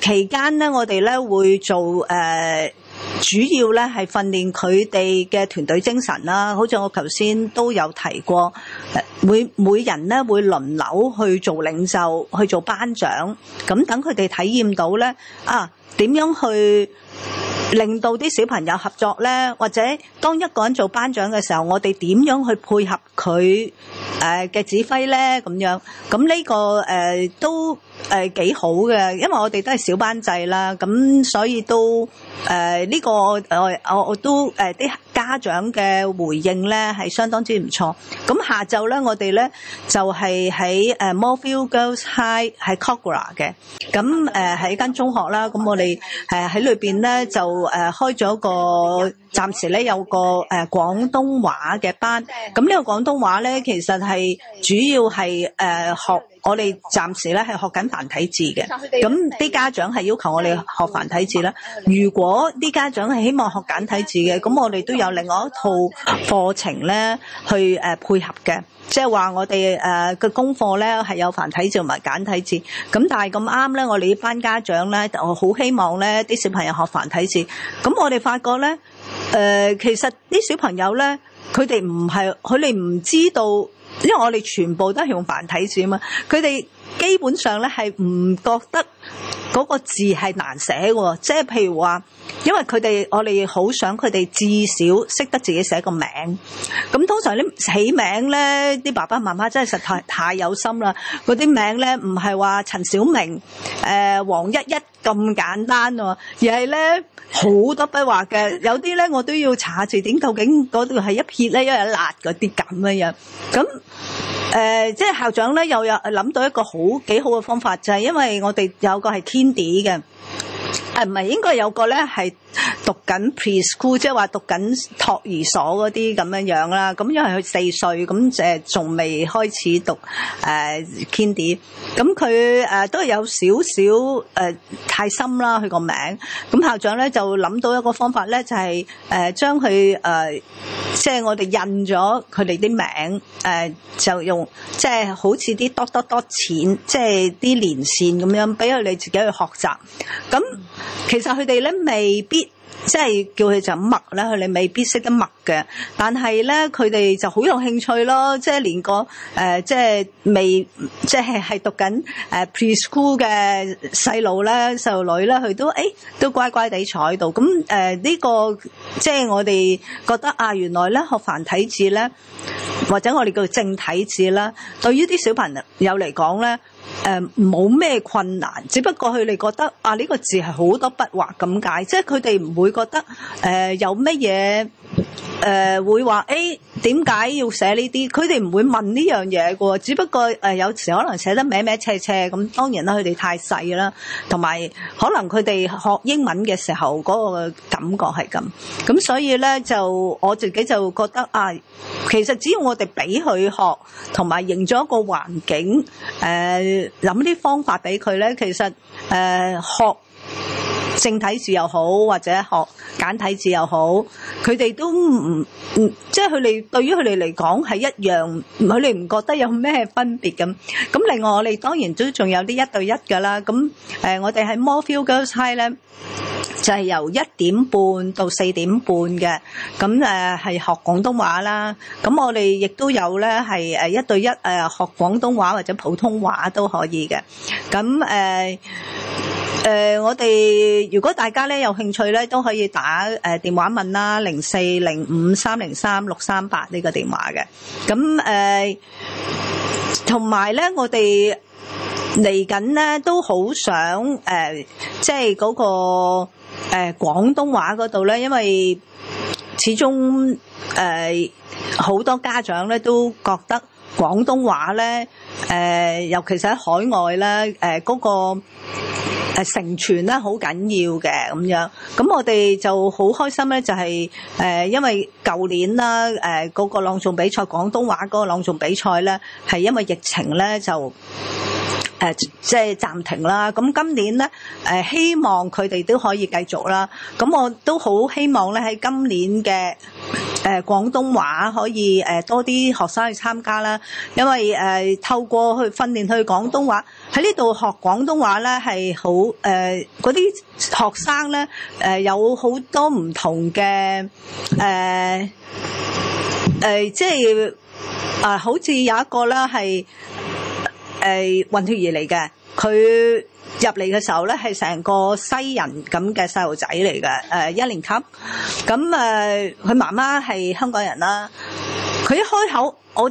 期間咧，我哋咧會做誒、呃、主要咧係訓練佢哋嘅團隊精神啦。好似我頭先都有提過，每每人咧會輪流去做領袖、去做班長，咁等佢哋體驗到咧，啊點樣去。令到啲小朋友合作咧，或者當一個人做班長嘅時候，我哋點樣去配合佢誒嘅指揮咧？咁樣咁呢、呢個誒、呃、都。誒幾好嘅，因為我哋都係小班制啦，咁所以都誒呢個誒我我都誒啲家長嘅回應咧係相當之唔錯。咁下晝咧，我哋咧就係喺誒 Moorefield Girls High 喺 Cogra 嘅，咁誒喺間中學啦。咁我哋誒喺裏邊咧就誒開咗個暫時咧有個誒廣東話嘅班。咁呢個廣東話咧其實係主要係誒學。我哋暫時咧係學緊繁體字嘅，咁啲家長係要求我哋學繁體字啦。如果啲家長係希望學簡體字嘅，咁我哋都有另外一套課程咧去誒配合嘅，即係話我哋誒嘅功課咧係有繁體字同埋簡體字。咁但係咁啱咧，我哋班家長咧就好希望咧啲小朋友學繁體字。咁我哋發覺咧，誒、呃、其實啲小朋友咧，佢哋唔係佢哋唔知道。因為我哋全部都係用繁體字啊嘛，佢哋基本上咧係唔覺得。嗰個字係難寫喎，即係譬如話，因為佢哋我哋好想佢哋至少識得自己寫個名。咁通常啲起名咧，啲爸爸媽媽真係實在太太有心啦。啲名咧唔係話陳小明、誒、呃、黃一一咁簡單喎，啊，而係咧好多筆畫嘅。有啲咧我都要查下字典，究竟嗰度係一撇咧，因為一捺嗰啲咁嘅樣咁，誒、呃、即係校長咧又有諗到一個好幾好嘅方法，就係因為我哋有個係。天地嘅？誒，唔係應該有個咧係讀緊 preschool，即係話讀緊托兒所嗰啲咁樣樣啦。咁因為佢四歲，咁誒仲未開始讀誒 Kindy。咁佢誒都係有少少誒、呃、太深啦，佢個名。咁校長咧就諗到一個方法咧，就係誒將佢誒即係我哋印咗佢哋啲名，誒、呃、就用即係、就是、好似啲多多多錢，即係啲連線咁樣，俾佢哋自己去學習。咁其實佢哋咧未必即係叫佢就默咧，佢哋未必識得默嘅。但係咧，佢哋就好有興趣咯。即係連個誒、呃，即係未，即係係讀緊誒 preschool 嘅細路啦、細路女啦，佢都誒、哎、都乖乖地坐喺度。咁誒呢個即係我哋覺得啊，原來咧學繁體字咧，或者我哋叫正體字啦，對於啲小朋友嚟講咧。誒冇咩困難，只不過佢哋覺得啊呢、這個字係好多筆畫咁解，即係佢哋唔會覺得誒、呃、有乜嘢誒會話，誒點解要寫呢啲？佢哋唔會問呢樣嘢嘅喎，只不過誒、呃、有時可能寫得歪歪斜斜咁，當然啦，佢哋太細啦，同埋可能佢哋學英文嘅時候嗰個感覺係咁，咁、嗯、所以咧就我自己就覺得啊，其實只要我哋俾佢學，同埋營造一個環境誒。呃諗啲方法俾佢咧，其實誒、呃、學正體字又好，或者學簡體字又好，佢哋都唔唔，即係佢哋對於佢哋嚟講係一樣，佢哋唔覺得有咩分別咁。咁另外我哋當然都仲有啲一對一㗎啦。咁誒，我哋係 More Few Girls High 咧，就係由一點半到四點半嘅。咁誒係學廣東話啦。咁我哋亦都有咧係誒一對一誒學廣東話或者普通話都可以嘅。咁誒。誒，我哋如果大家咧有興趣咧，都可以打誒電話問啦，零四零五三零三六三八呢個電話嘅。咁誒，同埋咧，我哋嚟緊咧都好想誒，即係嗰個誒廣東話嗰度咧，因為始終誒好多家長咧都覺得廣東話咧誒，尤其是喺海外咧誒嗰個。誒、呃、成全咧好緊要嘅咁樣，咁我哋就好開心呢。就係、是呃、因為舊年啦誒，嗰、呃嗰個朗誦比賽廣東話嗰個朗誦比賽呢，係因為疫情呢，就。誒即係暫停啦，咁今年咧誒希望佢哋都可以繼續啦。咁我都好希望咧喺今年嘅誒廣東話可以誒多啲學生去參加啦，因為誒透過去訓練去廣東話喺呢度學廣東話咧係好誒嗰啲學生咧誒有好多唔同嘅誒誒即係啊好似有一個咧係。誒，混血兒嚟嘅，佢入嚟嘅時候咧係成個西人咁嘅細路仔嚟嘅，誒，一年級咁誒，佢媽媽係香港人啦，佢一開口我。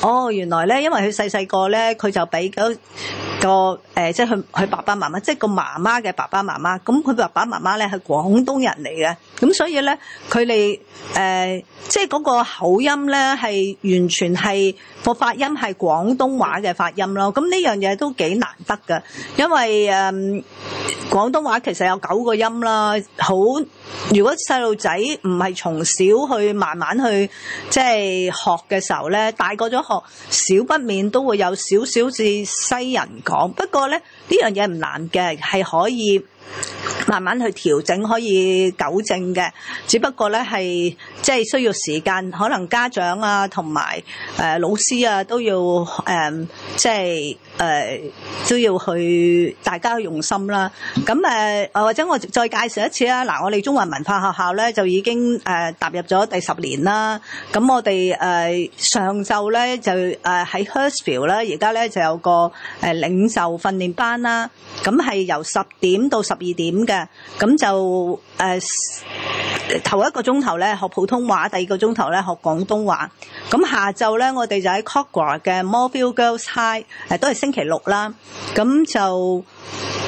哦，原來咧，因為佢細細個咧，佢就俾嗰個誒，即係佢佢爸爸媽媽，即係個媽媽嘅爸爸媽媽。咁佢爸爸媽媽咧係廣東人嚟嘅，咁所以咧佢哋誒，即係嗰個口音咧係完全係。我發音係廣東話嘅發音咯，咁呢樣嘢都幾難得㗎，因為誒、嗯、廣東話其實有九個音啦，好如果細路仔唔係從小去慢慢去即係學嘅時候呢，大個咗學少不免都會有少少似西人講，不過呢，呢樣嘢唔難嘅，係可以。慢慢去調整，可以糾正嘅，只不過咧係即係需要時間，可能家長啊同埋誒老師啊都要誒即係。嗯，就是誒、呃、都要去大家用心啦，咁誒、呃、或者我再介紹一次啦。嗱，我哋中華文，文化學校咧就已經誒、呃、踏入咗第十年啦。咁我哋誒、呃、上晝咧就誒喺 Hurstville 咧，而家咧就有個誒、呃、領袖訓練班啦。咁係由十點到十二點嘅，咁就誒頭、呃、一個鐘頭咧學普通話，第二個鐘頭咧學廣東話。咁下晝咧我哋就喺 Kogarah 嘅 Moorefield Girls High，誒、呃、都係星。星期六啦，咁就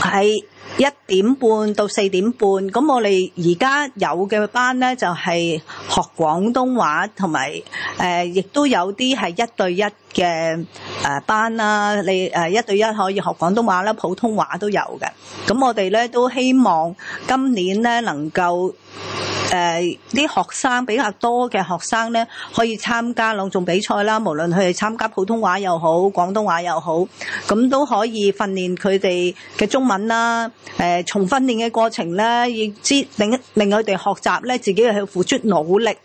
喺一點半到四點半。咁我哋而家有嘅班咧，就係學廣東話，同埋誒，亦都有啲係一對一嘅誒班啦，你誒一對一可以學廣東話啦、普通話都有嘅。咁我哋咧都希望今年咧能夠誒啲學生比較多嘅學生咧，可以參加朗誦比賽啦。無論佢哋參加普通話又好、廣東話又好，咁都可以訓練佢哋嘅中文啦。誒從訓練嘅過程咧，亦之令令佢哋學習咧，自己去付出努力。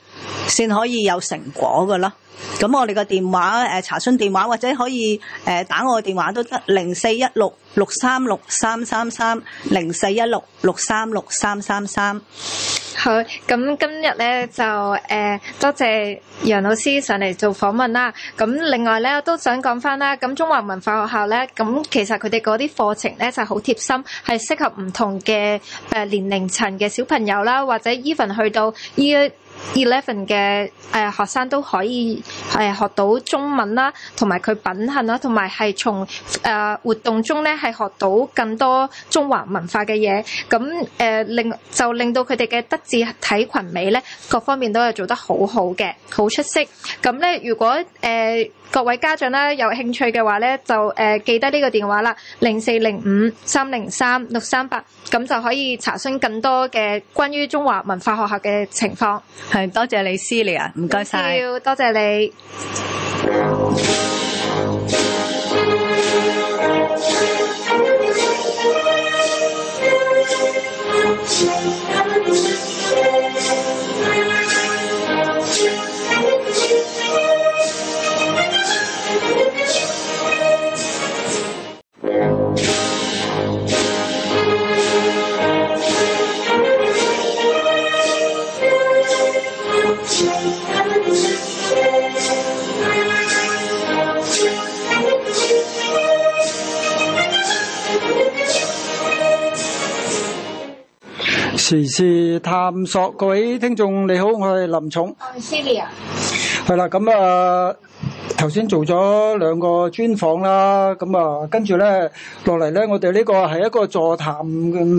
先可以有成果㗎啦。咁我哋個電話誒查詢電話，或者可以誒打我個電話都得，零四一六六三六三三三零四一六六三六三三三。好咁，今日咧就誒、呃、多謝楊老師上嚟做訪問啦。咁另外咧，都想講返啦。咁中華文化學校咧，咁其實佢哋嗰啲課程咧就好、是、貼心，係適合唔同嘅誒年齡層嘅小朋友啦，或者 even 去到依。eleven 嘅、uh, 學生都可以、uh, 學到中文啦，同埋佢品行啦，同埋係從、uh, 活動中咧係學到更多中華文化嘅嘢，咁、uh, 令就令到佢哋嘅德智體群美咧各方面都係做得好好嘅，好出色。咁咧，如果、uh, 各位家長咧有興趣嘅話咧，就、uh, 記得呢個電話啦，零四零五三零三六三八，咁就可以查詢更多嘅關於中華文化學校嘅情況。係多謝你，Celia，唔該晒。要多謝你。Cilia，謝謝你。時事探索，各位聽眾你好，我係林重。係 Celia。係啦，咁啊，頭先做咗兩個專訪啦，咁啊，跟住咧落嚟咧，我哋呢個係一個座談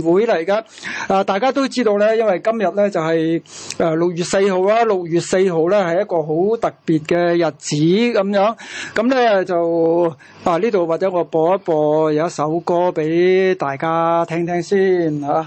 會嚟噶。啊，大家都知道咧，因為今日咧就係誒六月四號啦，六月四號咧係一個好特別嘅日子咁樣。咁咧就啊呢度或者我播一播有一首歌俾大家聽聽先吓。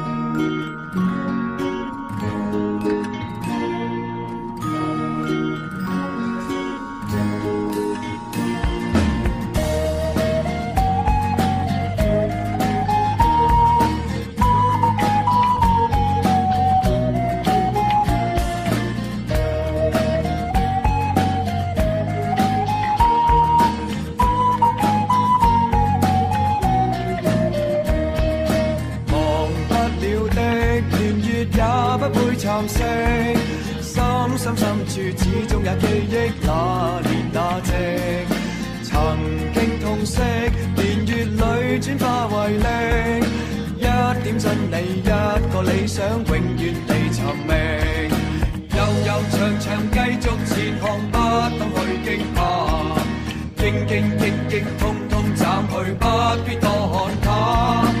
深深深處，始終也記憶那年那夕。曾經痛惜，年月裏轉化為力。一點真理，一個理想，永遠地尋覓。悠悠長長，長，繼續前行，不去驚怕。荊棘荊棘，通通斬去，不必多看他。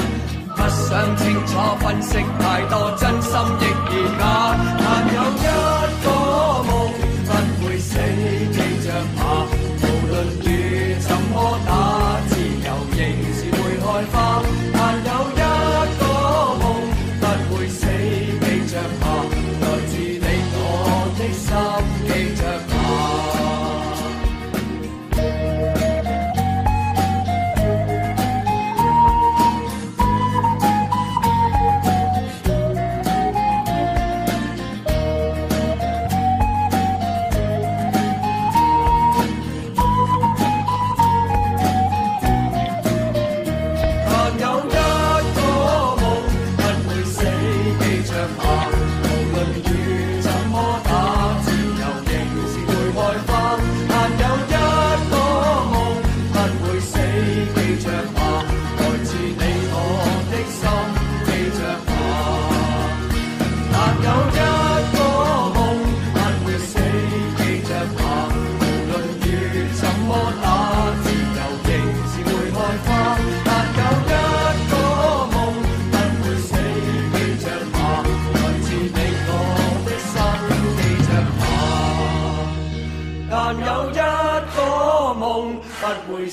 想清楚，分析太多，真心亦虛假，但有一。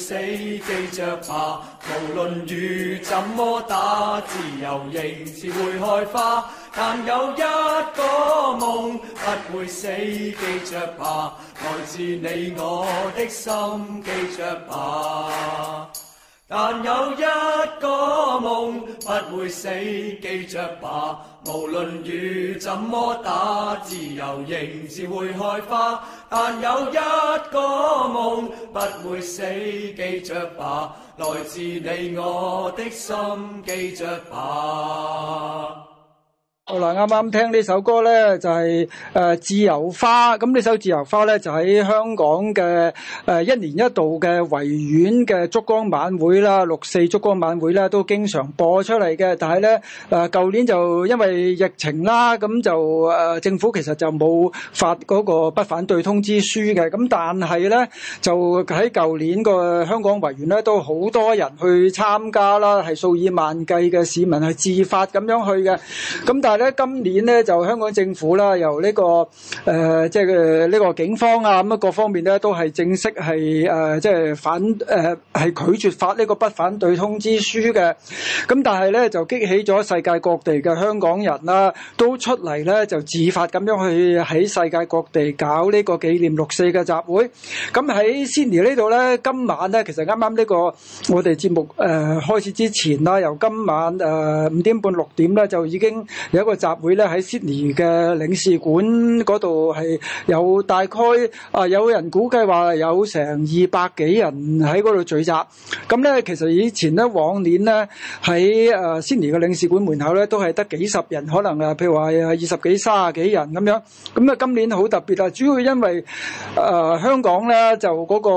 死，記着吧，無論雨怎麼打，自由仍是會開花。但有一個夢不會死，記着吧，來自你我的心，記着吧。但有一個夢不會死，記着吧。無論雨怎麼打，自由仍是會開花。但有一個夢不會死，記着吧。來自你我的心，記着吧。嗱，啱啱聽呢首歌咧，就係誒自由花。咁呢首自由花咧，就喺香港嘅誒一年一度嘅維園嘅燭光晚會啦，六四燭光晚會咧都經常播出嚟嘅。但係咧誒，舊年就因為疫情啦，咁就誒政府其實就冇發嗰個不反對通知書嘅。咁但係咧，就喺舊年個香港維園咧，都好多人去參加啦，係數以萬計嘅市民係自發咁樣去嘅。咁但係，咧今年咧就香港政府啦，由呢個誒即係呢個警方啊，咁啊各方面咧都係正式係誒即係反誒係拒絕發呢個不反對通知書嘅。咁但係咧就激起咗世界各地嘅香港人啦，都出嚟咧就自發咁樣去喺世界各地搞呢個紀念六四嘅集會。咁喺 Cindy 呢度咧，今晚咧其實啱啱呢個我哋節目誒開始之前啦，由今晚誒五點半六點咧就已經有。個集會咧喺 Sydney 嘅領事館嗰度係有大概啊，有人估計話有成二百幾人喺嗰度聚集。咁咧，其實以前咧，往年咧喺啊 Sydney 嘅領事館門口咧都係得幾十人，可能啊，譬如話係二十幾、卅幾人咁樣。咁啊，今年好特別啦，主要因為啊香港咧就嗰個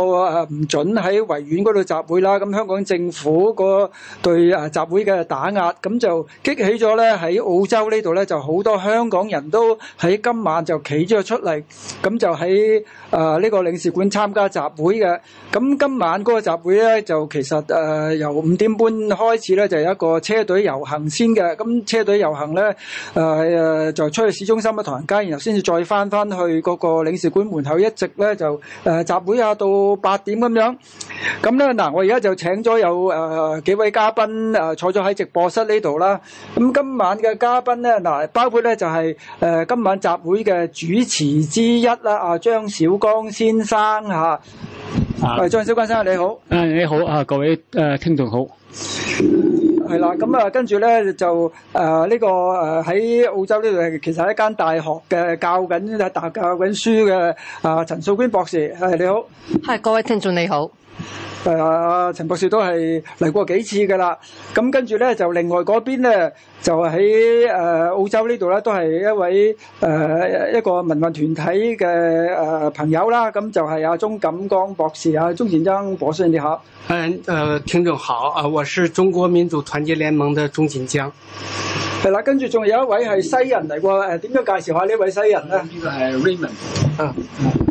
唔準喺維園嗰度集會啦。咁香港政府個對啊集會嘅打壓，咁就激起咗咧喺澳洲呢。呢度咧就好多香港人都喺今晚就企咗出嚟，咁就喺。誒呢個領事館參加集會嘅，咁今晚嗰個集會咧就其實誒由五點半開始咧，就有一個車隊遊行先嘅。咁車隊遊行咧誒誒就出去市中心嘅唐人街，然後先至再翻翻去嗰個領事館門口，一直咧就誒集會啊，到八點咁樣。咁咧嗱，我而家就請咗有誒幾位嘉賓誒坐咗喺直播室呢度啦。咁今晚嘅嘉賓咧嗱，包括咧就係誒今晚集會嘅主持之一啦，阿張小。江先生嚇，誒張小軍先生你好，誒你好啊，各位誒聽眾好，係啦。咁啊跟住咧就誒呢、呃這個誒喺、呃、澳洲呢度其實係一間大學嘅教緊大學教緊書嘅啊、呃、陳素娟博士係。、呃、你好，係各位聽眾你好。誒、呃、啊！陳博士都係嚟過幾次嘅啦。咁、嗯、跟住咧，就另外嗰邊咧，就喺誒、呃、澳洲這裡呢度咧，都係一位誒、呃、一個民運團體嘅誒、呃、朋友啦。咁、嗯、就係、是、阿、啊、鍾錦江博士啊，鍾建章博士，你好。誒誒，聽眾好啊，我是中國民主團結聯盟嘅鍾錦江。係啦，跟住仲有一位係西人嚟過誒，點、呃、樣介紹下呢位西人咧？呢個係 Raymond、uh. 嗯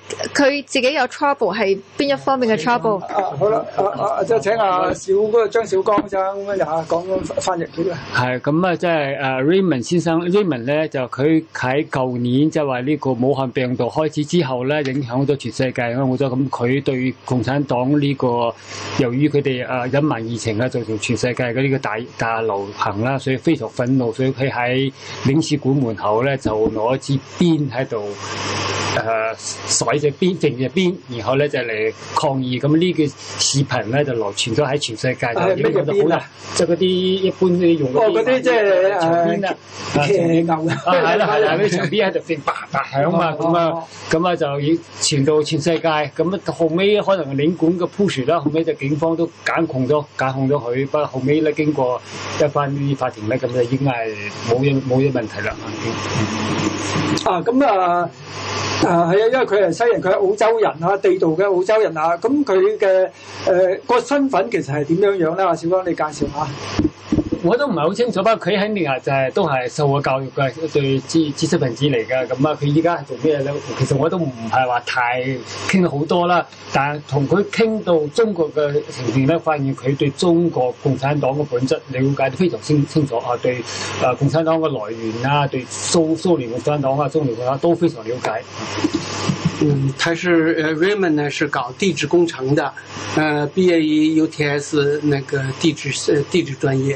佢自己有 trouble 係邊一方面嘅 trouble？啊好啦，啊啊即係請啊小嗰個張小光先生咁樣講翻譯佢啦。係咁、嗯、啊，即係誒 Raymond 先生，Raymond 咧就佢喺舊年即係話呢個武漢病毒開始之後咧，影響咗全世界咁好多咁，佢、嗯、對共產黨呢、呢個由於佢哋啊隱瞞疫情啊，造成全世界嗰啲嘅大大流行啦，所以非常憤怒，所以佢喺領事館門口咧就攞一支鞭喺度。誒、啊，甩隻鞭，定隻鞭，然後咧就嚟抗議。咁呢個視頻咧就流傳咗喺全世界。啊，咩嘅鞭？即係嗰啲一般啲用。哦，嗰啲即係誒長鞭啦，長鞭嚿嘅。啊，係啦係啦，啲長鞭喺度掟，叭叭響嘛，咁啊，咁啊，啊 就傳到全世界。咁啊，後尾可能領館嘅 push 啦，後尾就警方都監控咗，監控咗佢。不過後尾咧經過一翻法庭咧，咁就已經係冇嘢冇嘢問題啦。啊，咁、嗯、啊。嗯啊啊，係啊，因為佢係西人，佢係澳洲人啊，地道嘅澳洲人啊，咁佢嘅誒個身份其實係點樣樣咧？阿小光你介紹下。我都唔係好清楚吧，不過佢肯定係就係都係受過教育嘅一對知知識分子嚟嘅。咁、嗯、啊，佢依家係做咩咧？其實我都唔係話太傾好多啦。但係同佢傾到中國嘅情形咧，發現佢對中國共產黨嘅本質了解得非常清清楚啊。對，誒共產黨嘅來源啊，對蘇蘇聯的共產黨啊、中聯共產黨都非常了解。嗯，佢是 Raymond、呃、呢是搞地質工程嘅，誒、呃，畢業於 UTS 那個地質地質專業。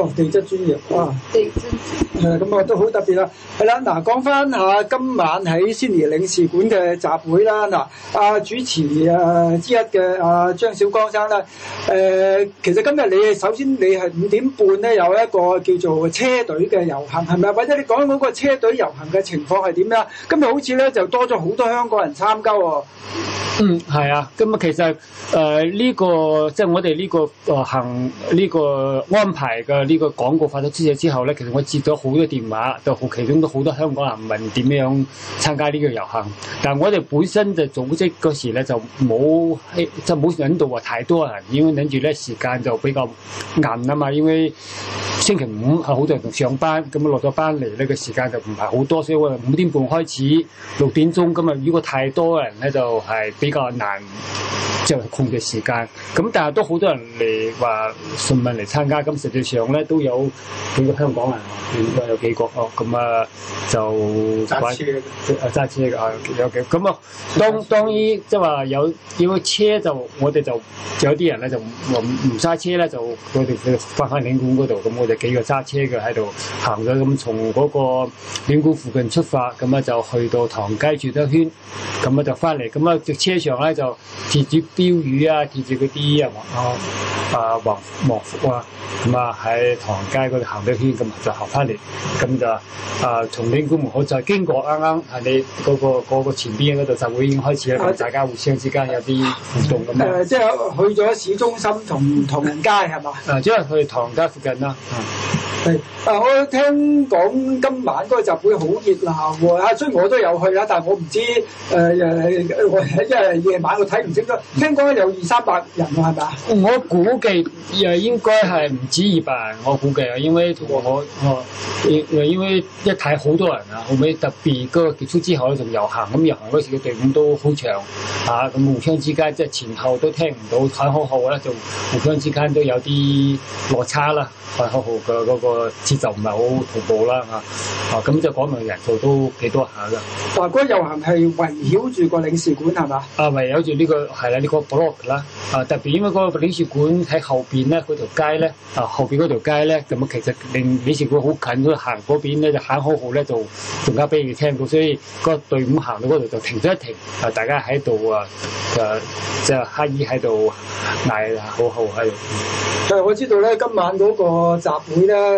哦、地質專業啊，地質誒，咁啊都好特別啦。係啦，嗱，講翻下今晚喺悉尼領事館嘅集會啦。嗱，啊，啊主持啊之一嘅啊張、啊、小江生咧，誒、啊，其實今日你首先你係五點半咧有一個叫做車隊嘅遊行，係咪？或者你講到個車隊遊行嘅情況係點咧？今日好似咧就多咗好多香港人參加喎、哦。嗯，係啊，咁啊，其實誒呢、呃呢個即係、即係、我哋呢、呢個行呢、呃呢個安排嘅。呢、這個廣告發咗出社之後咧，其實我接咗好多電話，都，好其中都好多香港人問點樣參加呢個遊行。但係我哋本身就組織嗰時咧就冇即係冇諗到話太多人，因為諗住咧時間就比較硬啊嘛，因為星期五係好多人同上班，咁啊落咗班嚟呢、個時間就唔係好多，所以我哋五點半開始六點鐘咁啊，如果太多人咧就係比較難即係、就是、控制時間咁但係都好多人嚟話詢問嚟參加，咁實際上咧。都有幾個香港人，應該有幾個哦。咁啊，就揸車，揸車啊，有幾咁啊。當當依即係話有啲車，就我哋就有啲人咧就唔唔揸車咧，就我哋翻翻領館嗰度。咁我哋幾個揸車嘅喺度行咗，咁從嗰個領館附近出發，咁啊就去到唐街轉咗圈，咁啊就翻嚟。咁啊，就車上咧就貼住標語啊，貼住嗰啲啊，啊橫橫幅啊，咁啊喺。唐街嗰度行咗一圈回來，咁就行翻嚟，咁就啊，從領館門口就經過，啱啱係你嗰個嗰個，嗰個前邊嗰度就會已經開始，可能大家互相之間有啲互動咁樣。誒、啊，即係去咗市中心同唐人街係嘛？啊，即係去唐街附近啦。啊、嗯。係，啊！我聽講今晚嗰個集會好熱鬧喎，啊！雖然我都有去啊，但係我唔知道，誒、呃、誒，因為夜晚上我睇唔清楚聽講有二三百人喎，係咪？我估計誒應該係唔止二百人，我估計啊，因為我我，因為一睇好多人啊，後尾特別嗰、嗰個結束之後咧，仲遊行，咁遊行嗰時嘅隊伍都好長，吓，咁互相之間即係前後都聽唔到喊口號咧，就互相之間都有啲落差啦，喊口號嘅嗰個。個節奏唔係好同步啦嚇，啊咁就講明人數都幾多下噶。話嗰個遊行係圍繞住個領事館係嘛？啊，圍繞住呢個係啦，呢個 block 啦。啊，特別因為嗰個領事館喺後邊咧，嗰條街咧啊，後邊嗰條街咧咁啊，其實令領事館好近，佢行嗰邊咧就行好好咧，就更加俾人聽到，所以個隊伍行到嗰度就停咗一停啊，大家喺度啊，就就刻意喺度嗌啦，好好喺度。但誒，我知道咧，今晚嗰個集會咧。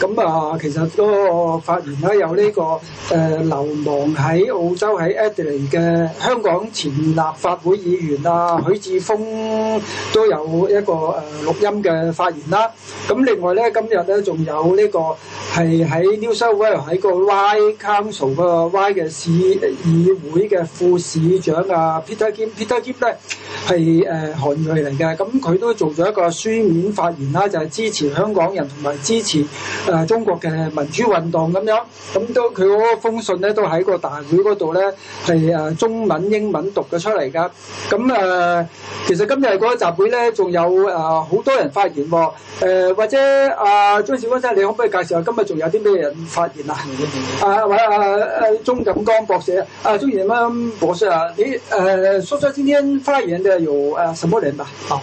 咁啊，其實嗰個發言咧有呢、這個誒、呃、流亡喺澳洲喺 Adelaide 嘅香港前立法會議員啊許智峰都有一個誒錄、呃、音嘅發言啦。咁另外咧今日咧仲有呢、這個係喺 New South Wales 喺個 Y Council 個 Y 嘅市議會嘅副市長啊 Peter Kim，Peter Kim 咧係誒、呃、韓裔嚟嘅，咁佢都做咗一個書面發言啦，就係、是、支持香港人同埋支持。啊、中國嘅民主運動咁樣，咁都佢封信咧都喺個大會嗰度咧係中文英文讀咗出嚟噶。咁、啊、其實今日嗰集會咧仲有誒、啊、好多人發言喎、哦啊。或者阿張、啊、小剛先生，你可唔可以介紹下今日仲有啲咩人發言啊？啊，或者誒鍾錦江博士，阿、啊、博士啊，你誒，啊、說，說今天發言嘅有誒什麼人吧？好、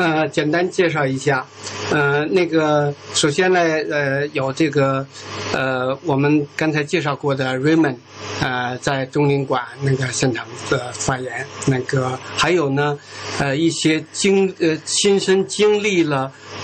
啊，簡單介紹一下，誒、啊，呢個首先咧，呃，有這個，呃，我們剛才介紹過的 Raymond，呃，在中領館那個現場的發言，那個還有呢，呃，一些經，呃，親身經歷了。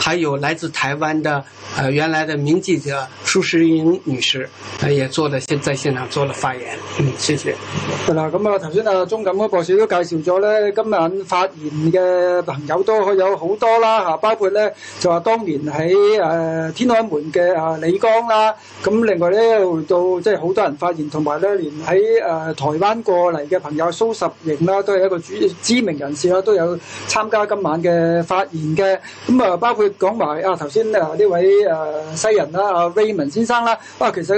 還有來自台灣的，誒、呃、原來的名記者蘇拾瑩女士，誒、呃、也做了現在現場做了發言。嗯，謝謝啦，咁啊，頭先啊鐘錦嗰位先生都介紹咗咧，今晚發言嘅朋友都可有好多啦，吓，包括咧就話當年喺誒、呃、天安門嘅啊李剛啦，咁另外咧到即係好多人發言，同埋咧連喺誒、呃、台灣過嚟嘅朋友蘇拾瑩啦，都係一個主知名人士啦，都有參加今晚嘅發言嘅，咁啊包括。講埋啊頭先啊呢位誒西人啦，阿 Raymond 先生啦，哇其實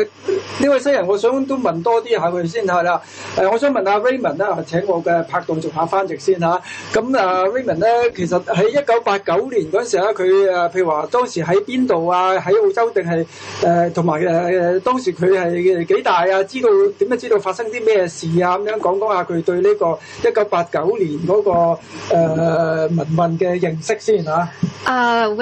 呢位西人我想都問多啲下佢先嚇啦。誒我想問下 Raymond 啦，請我嘅拍檔做下翻譯先嚇。咁啊 Raymond 咧，其實喺一九八九年嗰陣時佢誒譬如話當時喺邊度啊？喺澳洲定係誒同埋誒當時佢係幾大啊？知道點樣知道發生啲咩事啊？咁樣講講下佢對呢個一九八九年嗰個誒、呃、民運嘅認識先嚇。誒、uh。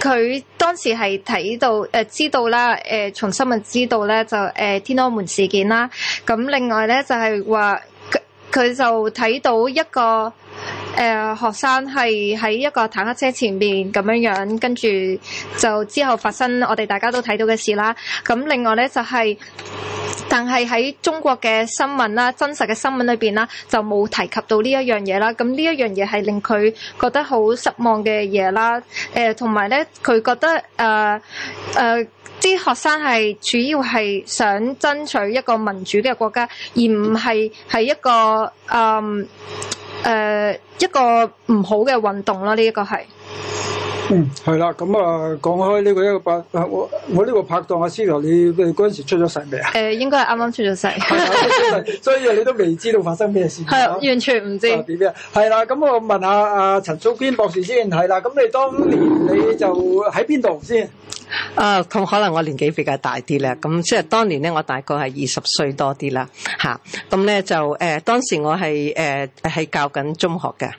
佢當時係睇到誒、呃，知道啦誒，從、呃、新聞知道咧就誒、呃，天安門事件啦。咁另外咧就係話佢佢就睇到一個。誒、呃，學生係喺一個坦克車前面咁樣樣，跟住就之後發生我哋大家都睇到嘅事啦。咁、嗯、另外呢，就係、是，但係喺中國嘅新聞啦，真實嘅新聞裏邊啦，就冇提及到呢一樣嘢啦。咁呢一樣嘢係令佢覺得好失望嘅嘢啦。誒、嗯，同埋呢，佢覺得誒誒，啲、呃呃、學生係主要係想爭取一個民主嘅國家，而唔係係一個誒。呃誒、呃，一個唔好嘅運動啦，呢、這、一個係。嗯，係、嗯、啦，咁、嗯嗯、啊，講開呢、這個一個拍，我我呢個拍檔阿 Sir 你佢嗰陣時出咗世未啊？誒，應該係啱啱出咗世，就是、 所以你都未知道發生咩事、啊。係啊，完全唔知道。點啊？係啦，咁、嗯嗯、我問下阿陳、啊、淑娟博士先，係啦，咁你當年你就喺邊度先？啊，咁可能我年紀比較大啲咧，咁即係當年咧，我大概係二十歲多啲啦，吓、啊，咁咧就誒、呃，當時我係誒係教緊中學嘅，誒、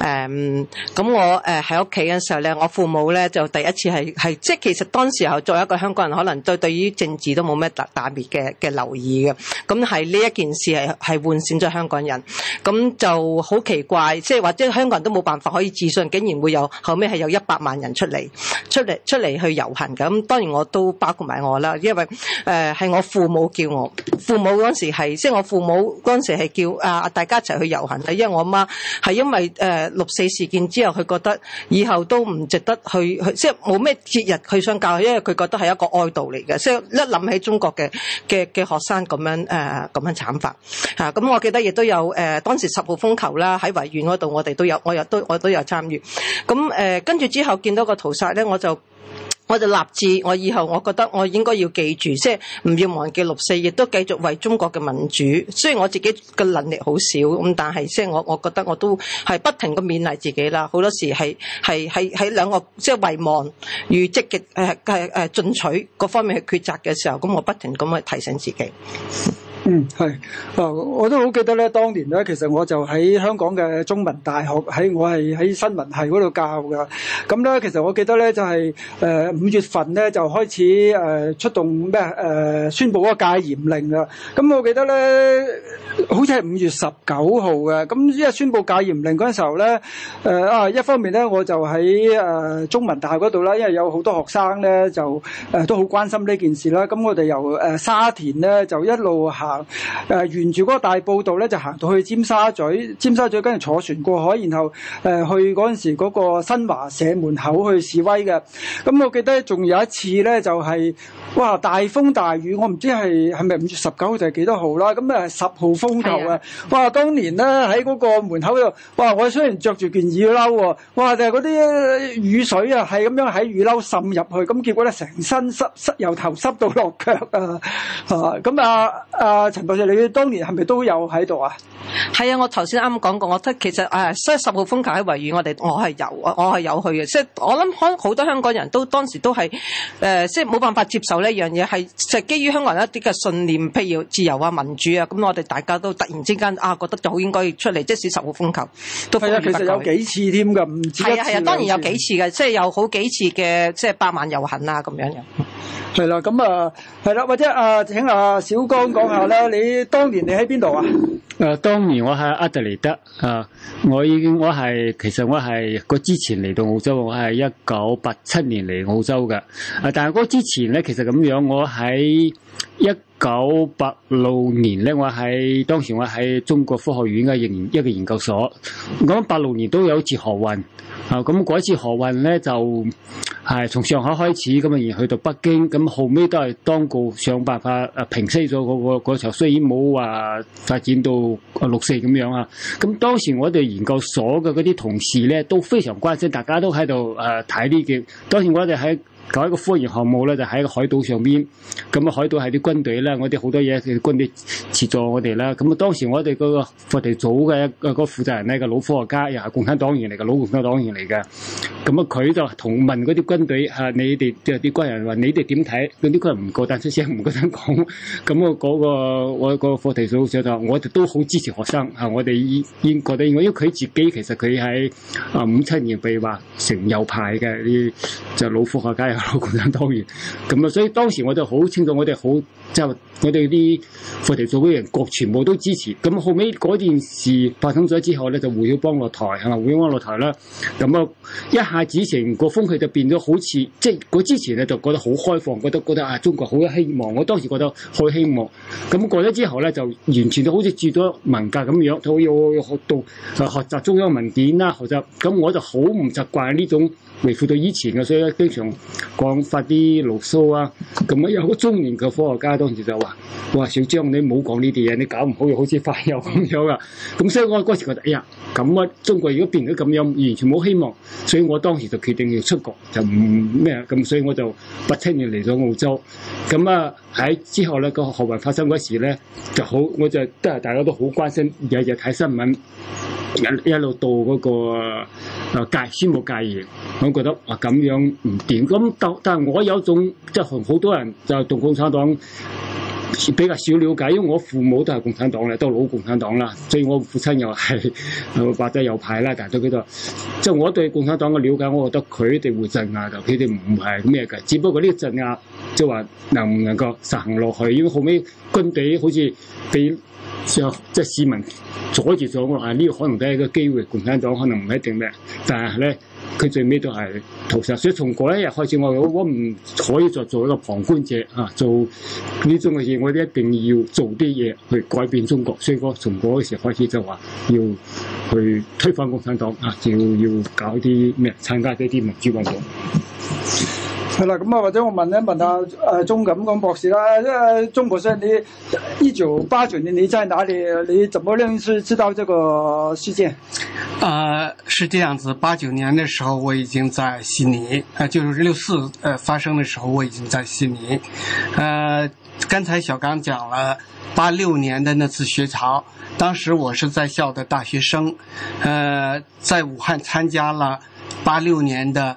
嗯，咁我誒喺屋企嘅時候咧，我。我父母咧就第一次係係即係其實當時候作為一個香港人，可能對對於政治都冇咩特特別嘅嘅留意嘅。咁係呢一件事係係喚醒咗香港人，咁就好奇怪，即係或者香港人都冇辦法可以自信，竟然會有後尾係有一百萬人出嚟出嚟出嚟去遊行嘅。咁當然我都包括埋我啦，因為誒係、呃、我父母叫我，父母嗰陣時係即係我父母嗰陣時係叫啊大家一齊去遊行啦，因為我媽係因為誒六四事件之後，佢覺得以後都唔值得去去，即係冇咩節日去上教，因為佢覺得係一個哀悼嚟嘅。即係一諗起中國嘅嘅嘅學生咁樣誒咁、呃、樣慘法吓，咁、啊嗯、我記得亦都有誒、呃。當時十號風球啦，喺維園嗰度我哋都有，我有都我，我都有參與咁誒。跟、嗯、住、呃、之後見到個屠殺咧，我就。我就立志，我以後我覺得我應該要記住，即係唔要忘記六四，亦都繼續為中國嘅民主。雖然我自己嘅能力好少，咁但係即係我，我覺得我都係不停嘅勉勵自己啦。好多時係係係喺兩個即係遺忘與積極誒誒誒進取各方面去抉擇嘅時候，咁我不停咁去提醒自己。嗯，係，啊，我都好記得咧，當年咧，其實我就喺香港嘅中文大學，喺我係喺新聞系嗰度教噶。咁咧，其實我記得咧，就係誒五月份咧就開始誒出動咩誒宣佈嗰個戒嚴令啦。咁我記得咧，好似係五月十九號嘅。咁一宣布戒嚴令嗰陣時候咧，誒啊一方面咧我就喺誒中文大學嗰度啦，因為有好多學生咧就誒都好關心呢件事啦。咁我哋由誒沙田咧就一路行，誒、呃、沿住嗰個大步道咧，就行到去尖沙咀，尖沙咀跟住坐船過海，然後誒、呃、去嗰陣時嗰個新華社門口去示威嘅。咁、嗯、我記得仲有一次咧，就係、是、哇大風大雨，我唔知係係咪五月十九號定係幾多號啦。咁啊十號風球啊，哇！當年咧喺嗰個門口度，哇！我雖然着住件雨褸喎，哇！就係嗰啲雨水啊，係咁樣喺雨褸滲入去，咁、嗯、結果咧成身濕濕，由頭濕到落腳啊啊！咁啊啊！嗯啊啊陳博士，你當年係咪都有喺度啊？係啊，我頭先啱講過，我覺得其實誒，所以十號風球喺維園，我哋我係有，我係有去嘅。即係我諗，可能好多香港人都當時都係誒，即係冇辦法接受呢樣嘢，係其實基於香港人一啲嘅信念，譬如自由啊、民主啊，咁我哋大家都突然之間啊，覺得就好應該出嚟，即使十號風球都係啊，其實有幾次添㗎，唔止一次。係啊，係啊，當然有幾次嘅，即係有好幾次嘅，即係百萬遊行啊咁樣嘅。係啦，咁啊，係啦，或者啊，請啊小江講下咧。 你當年你喺邊度啊？誒、啊，當年我喺阿德尼德啊，我已經我係其實我係之前嚟到澳洲，我係一九八七年嚟澳洲嘅。啊，但係我之前咧，其實咁樣，我喺一九八六年咧，我喺當時我喺中國科學院嘅研一個研究所，我八六年都有一次學運。啊、嗯！咁嗰次河運咧，就係從上海開始，咁啊而去到北京，咁、嗯、後尾都係當局想辦法誒、啊、平息咗嗰、嗰個嗰場、啊，雖然冇話發展到六四咁樣啊。咁、嗯、當時我哋研究所嘅嗰啲同事咧都非常關心，大家都喺度誒睇呢件，嘅、啊。當時我哋喺搞一個科研項目咧，就喺個海島上邊。咁、嗯、啊，海島係啲軍隊咧，我哋好多嘢佢軍隊協助我哋啦。咁、嗯、啊，當時我哋個課題組組嘅個負、那個、責人咧，個老科學家又係共產黨員嚟嘅，老共產黨員嚟嘅。咁啊，佢就同問啲軍隊啊，你哋即係啲軍人話你哋點睇？啲軍人唔夠膽出聲，唔夠膽講，咁啊，個個我個課題組就話，我哋都好支持學生啊，我哋應覺得應該，因為佢自己其實佢喺啊五七年被話成右派嘅，啲就老科學家。老共產黨員，咁 啊，所以當時我就好清楚，我哋好。即係我哋啲課題組嘅人，各全部都支持。咁後尾嗰件事發生咗之後咧，就胡耀邦落台，係嘛，胡耀邦落台啦。咁啊，一下子成個風氣就變咗，好似即係嗰之前咧，就覺得好開放，覺得覺得啊，中國好有希望。我當時覺得好希望。咁過咗之後咧，就完全就好似住咗文革咁樣，都要學到、啊、學習中央文件啦、啊，學習，咁我就好唔習慣呢種回復到以前嘅，所以咧經常講發啲牢騷啊。咁啊，有好中年嘅科學家。當時就話，哇，小張，你唔好講呢啲嘢，你搞唔好又好似反右咁樣噶。咁所以我嗰時覺得，哎呀，咁啊，中國如果變到咁樣，完全冇希望。所以我當時就決定要出國，就唔咩咁。所以我就八七年嚟咗澳洲。咁啊，喺之後咧，那個學運發生嗰時咧，就好，我就都係大家都好關心，日日睇新聞。一一路到嗰、那個誒介，宣冇戒嚴，我覺得話咁樣唔掂。咁但但係我有種即係好多人就同共產黨比較少了解，因為我父母都係共產黨嘅，都係老共產黨啦，所以我父親又係或者右派啦。但對佢就即係我對共產黨嘅了解，我覺得佢哋會鎮壓，但佢哋唔係咩嘅，只不過呢個鎮壓即係話能唔能夠實行落去，因為後尾軍隊好似俾。就即係市民阻住咗，但係呢個可能都係一個機會，共產黨可能唔一定咩，但係咧佢最尾都係屠殺。所以從嗰一日開始，我我唔可以再做一個旁觀者啊！做呢種嘅事，我一定要做啲嘢去改變中國。所以我從嗰時開始就話要去推翻共產黨啊！要要搞啲咩？參加一啲民主運動。係啦，咁啊或者我問一問下誒鍾錦光博士啦，誒鍾博士，你一九八九年你在哪裏？你怎麼認識知道這個事件？誒，是這樣子，八九年的時候我已經在悉尼，誒就是六四呃發生的時候我已經在悉尼，呃，剛才小剛講了八六年的那次學潮，當時我是在校的大學生，呃，在武漢參加了八六年的，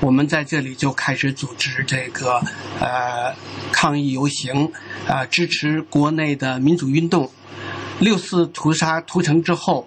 我們在這裏就開始組織這個，呃，抗議遊行，呃，支持國內的民主運動。六四屠殺屠城之後，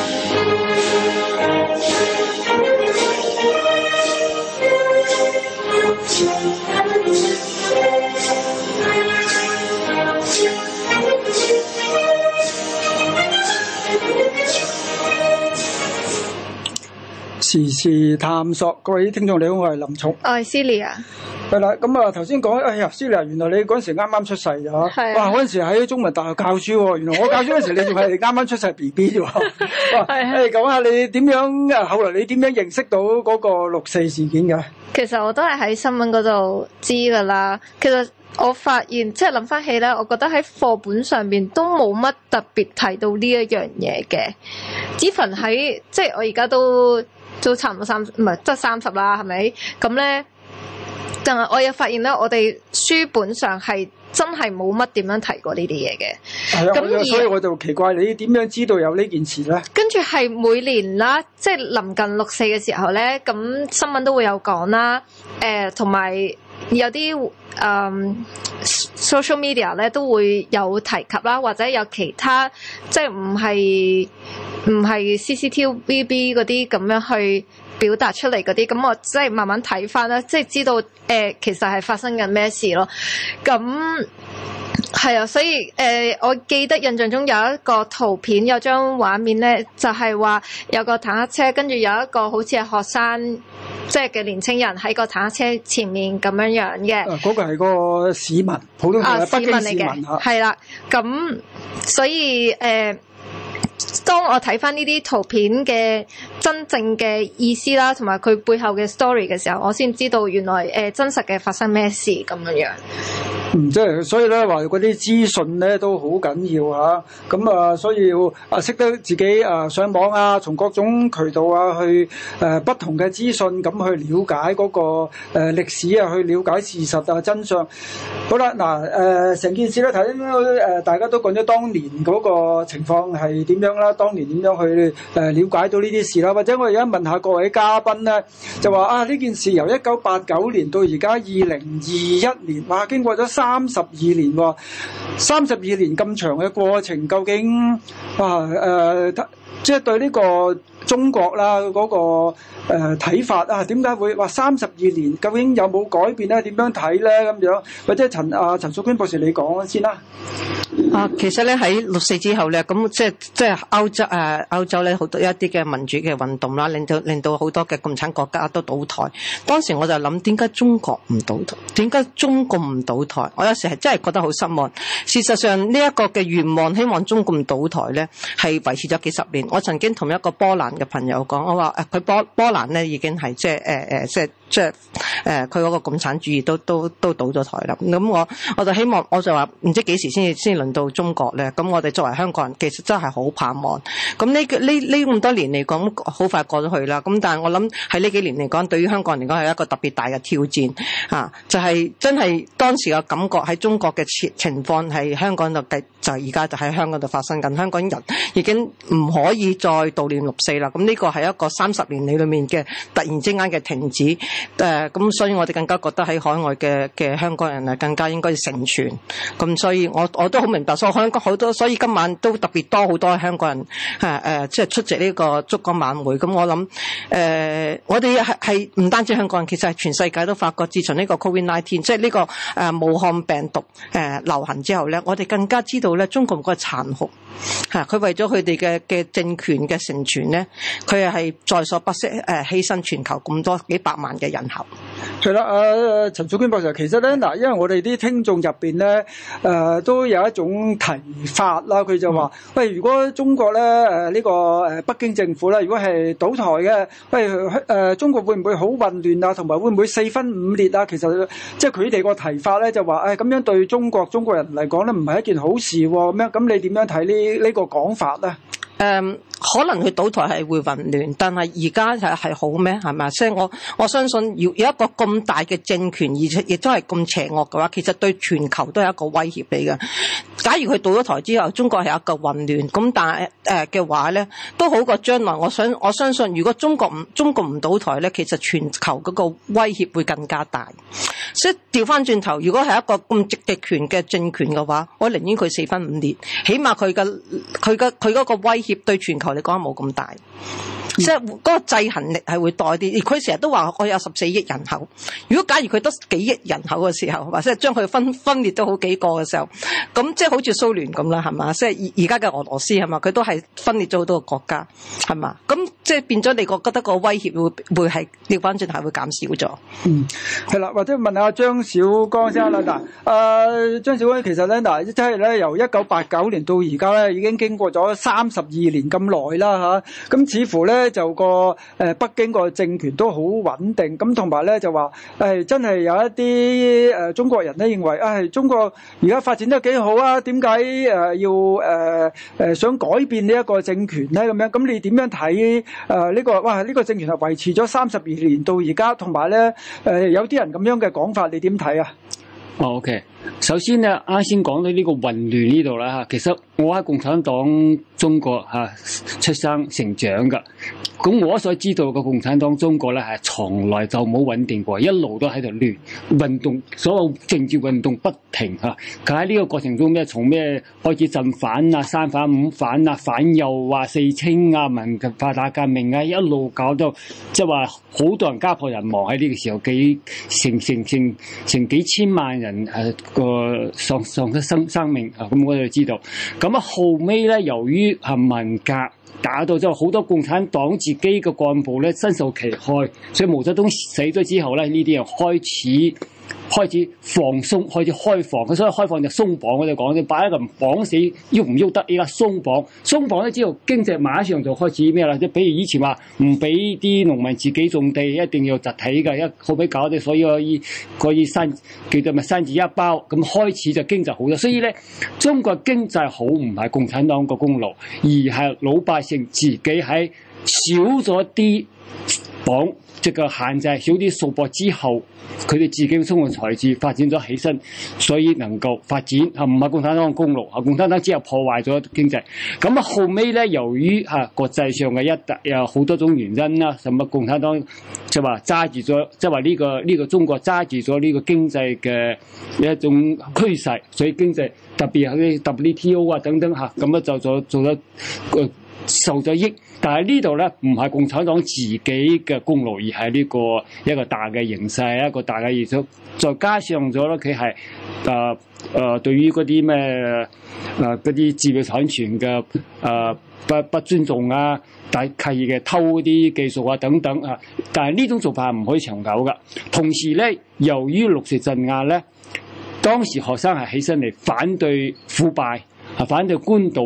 時事探索，各位啲聽眾你好，我係林聰。哦，Celia。係啦，咁啊頭先講，哎呀，Celia，原來你嗰陣時啱啱出世嘅嚇。係。哇，嗰陣時喺中文大學教書喎，原來我教書嗰陣時，你仲係啱啱出世 B B 啫喎。係係。誒，講下你點樣啊？後來你點樣認識到嗰個六四事件㗎？其實我都係喺新聞嗰度知㗎啦。其實我發現即係諗翻起咧，我覺得喺課本上邊都冇乜特別提到呢一樣嘢嘅。子凡喺即係我而家都。都差唔多三十唔係，即係三十啦，係咪？咁咧，但係我又發現咧，我哋書本上係真係冇乜點樣提過呢啲嘢嘅。係啊，咁所以我就奇怪你點樣知道有呢件事咧？跟住係每年啦，即係臨近六四嘅時候咧，咁新聞都會有講啦。誒、呃，同埋。有啲誒、嗯、social media 咧都會有提及啦，或者有其他即係唔係唔係 CCTVB 嗰啲咁樣去，表達出嚟嗰啲咁，我即係慢慢睇翻啦，即係知道誒，其實係發生緊咩事咯。咁係啊，所以誒，我記得印象中有一個圖片，有一張畫面咧，就係話有個坦克車，跟住有一個好似係學生即係嘅年青人喺個坦克車前面咁樣樣嘅。嗰個係個市民，普通市民嚟嘅，係啦，咁所以誒。呃當我睇翻呢啲圖片嘅真正嘅意思啦，同埋佢背後嘅 story 嘅時候，我先知道原來誒、呃、真實嘅發生咩事咁樣。嗯，即係所以咧，話嗰啲資訊咧都好緊要吓，咁啊，所以要啊識得自己啊上網啊，從各種渠道啊去誒、呃、不同嘅資訊，咁去了解嗰、那個誒歷、呃、史啊，去了解事實啊真相。好啦，嗱誒成件事咧，睇誒大家都講咗當年嗰個情況係點樣啦，當年點樣去誒瞭解到呢啲事啦，或者我而家問下各位嘉賓咧，就話啊呢件事由一九八九年到而家二零二一年，啊，經過咗三十二年喎，三十二年咁長嘅過程，究竟啊誒。即係對呢個中國啦嗰個誒睇法啊，點解會話三十二年？究竟有冇改變咧？點樣睇咧？咁樣或者陳阿陳淑娟博士，你講先啦。啊，其實咧喺六四之後咧，咁即係即係歐洲誒歐洲咧，好多一啲嘅民主嘅運動啦，令到令到好多嘅共產國家都倒台。當時我就諗，點解中國唔倒台？點解中共唔倒台？我有時係真係覺得好失望。事實上，呢一個嘅願望，希望中共倒台咧，係維持咗幾十年。我曾經同一個波蘭嘅朋友講，我話誒，佢波波蘭咧已經係即係誒誒，即係。即係誒，佢嗰個共產主義都都都倒咗台啦。咁我我就希望，我就話唔知幾時先至先輪到中國咧。咁我哋作為香港人，其實真係好盼望。咁呢呢呢咁多年嚟講，好快過咗去啦。咁但係我諗喺呢幾年嚟講，對於香港人嚟講係一個特別大嘅挑戰吓。就係真係當時嘅感覺喺中國嘅情況，喺香港度就而家就喺香港度發生緊。香港人已經唔可以再悼念六四啦。咁呢個係一個三十年裡裡面嘅突然之間嘅停止。誒、嗯、咁，所以我哋更加覺得喺海外嘅嘅香港人啊，更加應該要成全。咁、嗯、所以我，我我都好明白。所以香港好多，所以今晚都特別多好多香港人即係、嗯嗯、出席呢個燭光晚會。咁我諗誒，我哋係唔單止香港人，其實係全世界都發覺，自從呢個 Covid Nineteen，即係呢個誒武漢病毒流行之後咧，我哋更加知道咧中共個殘酷佢、嗯、為咗佢哋嘅嘅政權嘅成全咧，佢係在所不惜、呃、犧牲全球咁多幾百萬嘅。迎合係啦，阿陳祖娟博士，其實咧嗱，因為我哋啲聽眾入邊咧，誒、呃、都有一種提法啦。佢就話、嗯：喂，如果中國咧，誒、這、呢個誒北京政府咧，如果係倒台嘅，喂，誒、呃、中國會唔會好混亂啊？同埋會唔會四分五裂啊？其實即係佢哋個提法咧，就話誒咁樣對中國中國人嚟講咧，唔係一件好事咁、啊、樣。咁你點樣睇呢呢個講法咧？誒、嗯、可能佢倒台係會混亂，但係而家係係好咩？係咪啊？所以我我相信，要有一個咁大嘅政權，而且亦都係咁邪惡嘅話，其實對全球都係一個威脅嚟嘅。假如佢倒咗台之後，中國係一個混亂，咁，但係誒嘅話咧，都好過將來。我想我相信，如果中國唔中國唔倒台咧，其實全球嗰個威脅會更加大。所以調翻轉頭，如果係一個咁極權嘅政權嘅話，我寧願佢四分五裂，起碼佢嘅佢嘅佢嗰個威脅。對全球嚟講冇咁大，嗯，即係嗰個制衡力係會多啲。而佢成日都話我有十四億人口，如果假如佢得幾億人口嘅時候，或者將佢分分裂咗好幾個嘅時候，咁即係好似蘇聯咁啦，係嘛？即係而而家嘅俄羅斯，係嘛？佢都係分裂咗好多個國家，係嘛？咁。即係變咗，你覺得個威脅會係調翻轉頭，係會,會減少咗。嗯，係啦，或者問下張小剛先啦。嗱、嗯啊，張小剛其實咧，嗱、啊，即係咧由一九八九年到而家咧，已經經過咗三十二年咁耐啦嚇。咁似乎咧就個北京政、哎哎呃、個政權都好穩定，咁同埋咧就話真係有一啲中國人咧認為啊，係中國而家發展得幾好啊？點解要誒想改變呢一個政權咧？咁樣咁你點樣睇？誒、呃、呢、這個哇呢、這個政權係維持咗三十二年到而家，同埋咧誒有啲、呃、人咁樣嘅講法，你點睇啊？哦，OK。首先咧，啱先講到呢個混亂呢度啦嚇，其實我喺共產黨中國嚇、啊、出生成長噶。咁我所知道嘅共產黨中國咧，係從來就冇穩定過，一路都喺度亂運動，所有政治運動不停啊，佢喺呢個過程中咧，從咩開始鎮反啊、三反五反啊、反、啊、右啊、四清啊、文化大革命啊，一路搞到即係話好多人家破人亡喺呢個時候，幾成成成成幾千萬人誒、啊、個喪失生生命啊！咁我就知道。咁啊後尾咧，由於係文革。打到之後好多共產黨自己嘅幹部咧，身受其害。所以毛澤東死咗之後咧，呢啲又開始。開始放鬆，開始開放，所以開放就鬆綁。我哋講咧，擺一個唔綁死喐唔喐得，依家鬆綁，鬆綁咧之後經濟馬上就開始咩啦？即係比如以前話唔俾啲農民自己種地，一定要集體嘅，一後屘搞啲，所以可以可以生叫做咪三自一包，咁開始就經濟好咗。所以咧，中國經濟好唔係共產黨個功勞，而係老百姓自己喺少咗啲。綁即個限制少啲數博之後，佢哋自己嘅生活財富發展咗起身，所以能夠發展嚇，唔係共產黨嘅功勞，共產黨只有破壞咗經濟。咁啊後尾咧，由於嚇、啊、國際上嘅一有好、啊、多種原因啦，什麼共產黨即係話揸住咗，即係話呢個呢、呢個、中國揸住咗呢個經濟嘅一種趨勢，所以經濟特別係啲 WTO 啊等等嚇、啊，咁就做做做咗。呃受咗益，但係呢度咧唔係共產黨自己嘅功勞，而係呢、這個一個大嘅形勢，一個大嘅因素。再加上咗咧，佢係誒誒，對於嗰啲咩誒嗰啲知識產權嘅誒不不尊重啊，大契嘅偷啲技術啊等等啊，但係呢種做法唔可以長久噶。同時咧，由於六四鎮壓咧，當時學生係起身嚟反對腐敗，啊，反對官倒。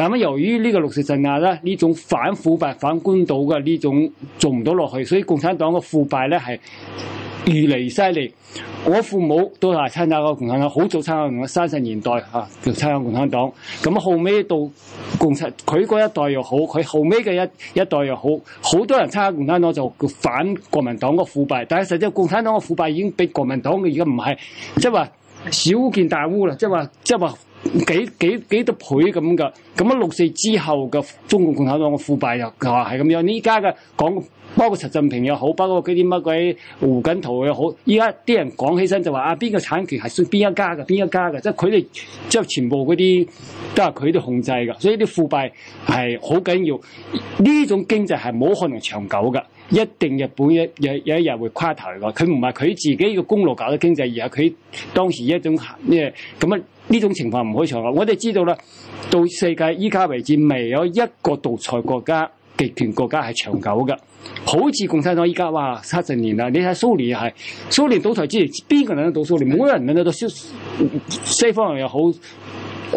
咁啊，由於呢個六四鎮壓咧，呢種反腐敗、反官倒嘅呢種做唔到落去，所以共產黨嘅腐敗咧係越嚟越犀利。我父母都係參加過共產黨，好早參加共產黨，三十年代嚇就參加共產黨。咁啊，後尾到共產佢嗰一代又好，佢後尾嘅一一代又好，好多人參加共產黨就反國民黨嘅腐敗。但係實際共產黨嘅腐敗已經比國民黨嘅而家唔係，即係話小巫見大巫啦，即係話即係話。幾幾幾多倍咁噶？咁啊，六四之後嘅中共共產黨嘅腐敗就話係咁樣。呢家嘅講，包括習近平又好，包括嗰啲乜鬼胡錦濤又好。依家啲人講起身就話啊，邊個產權係邊一家嘅？邊一家嘅？即係佢哋即係全部嗰啲都係佢哋控制嘅，所以啲腐敗係好緊要。呢種經濟係冇可能長久嘅，一定日本一有有一,一日會垮台嘅。佢唔係佢自己嘅公路搞嘅經濟，而係佢當時一種咩咁啊？呢種情況唔可以長久。我哋知道啦，到世界依家為止，未有一個獨裁國家、極權國家係長久嘅。好似共產黨依家哇，七十年啦！你睇蘇聯又係，蘇聯倒台之前，邊個諗得到蘇聯？冇人諗得到，西方人又好，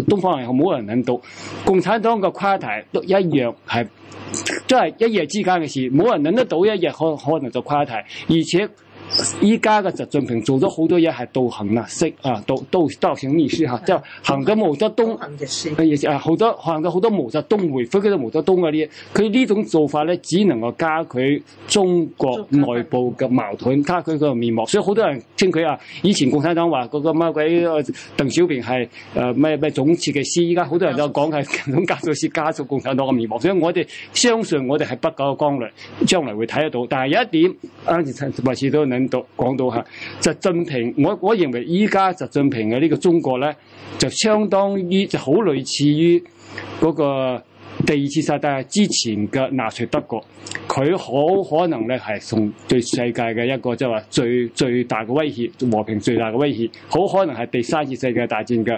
東方人又好，冇人諗到。共產黨嘅垮台都一樣，係都係一夜之間嘅事。冇人諗得到一夜可可能就垮台，而且。依家嘅習近平做咗好多嘢，係倒行，行，行啊，施啊，倒倒倒行逆施吓，即係行緊毛澤東，好多行咗好多毛澤東回覆，佢毛澤東嗰啲嘢，佢呢種做法咧，只能夠加佢中國內部嘅矛盾，加佢嘅面貌。所以好多人稱佢啊，以前共產黨話嗰個乜鬼啊，鄧小平係誒咩咩總設計師，依家好多人都講係總加速師是加速共產黨嘅面貌。所以我哋相信我哋係不久嘅光亮，將來會睇得到。但係有一點，啊維持到。講到吓，習近平，我我認為依家習近平嘅呢個中國咧，就相當於就好類似於嗰個第二次世界大戰之前嘅納粹德國，佢好可能咧係從對世界嘅一個即係話最最大嘅威脅和平最大嘅威脅，好可能係第三次世界大戰嘅誒、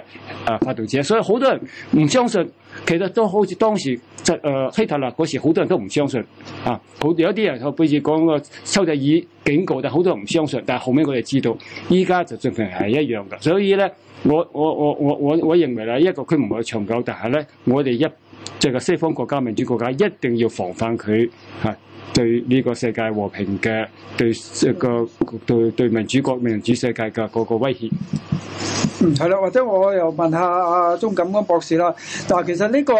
啊、發動者。所以好多人唔相信，其實都好似當時即係、呃、希特勒嗰時好多人都唔相信啊。好有啲人喺背住講個丘吉爾警告，但好多人唔相信。但係後尾我哋知道，依家就證明係一樣噶。所以咧，我我我我我我認為啦，一個區唔會長久，但係咧，我哋一。即係個西方國家民主國家一定要防範佢啊。對呢個世界和平嘅對個對對民主國民主世界嘅嗰個威脅，嗯，係啦，或者我又問下阿鍾錦安博士啦。嗱，其實呢個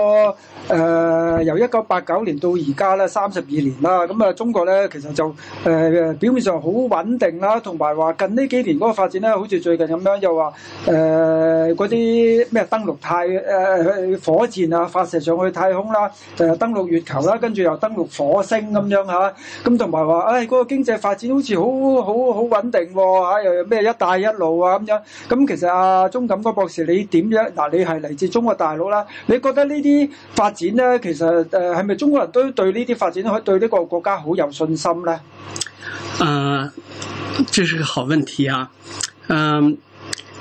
誒由一九八九年到而家咧三十二年啦，咁啊中國咧其實就誒表面上好穩定啦，同埋話近呢幾年嗰個發展咧，好似最近咁樣又話誒嗰啲咩登陸太誒去火箭啊發射上去太空啦，誒登陸月球啦，跟住又登陸火星咁樣。咁咁同埋話，誒嗰、哎那個經濟發展好似好好好穩定喎，啊啊、又有咩一帶一路啊咁樣。咁、啊、其實阿鍾錦江博士，你點樣嗱、啊？你係嚟自中國大陸啦，你覺得呢啲發展咧，其實誒係咪中國人都對呢啲發展對呢個國家好有信心咧？嗯、呃，這是個好問題啊，嗯、呃。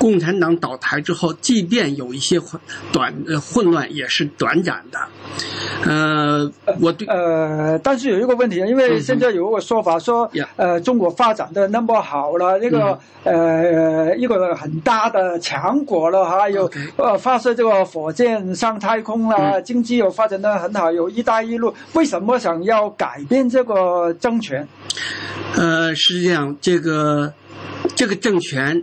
共產黨倒台之後，即便有一些混短、呃、混亂，也是短暫的。呃，我對呃，呃，但是有一個問題，因為現在有一個說法嗯嗯說，呃，中國發展的那麼好了，一、嗯這個呃一個很大的強國了，還有 okay，呃發射這個火箭上太空了，嗯、經濟又發展得很好，有“一帶一路”，為什麼想要改變這個政權？呃，實際上，這個這個政權。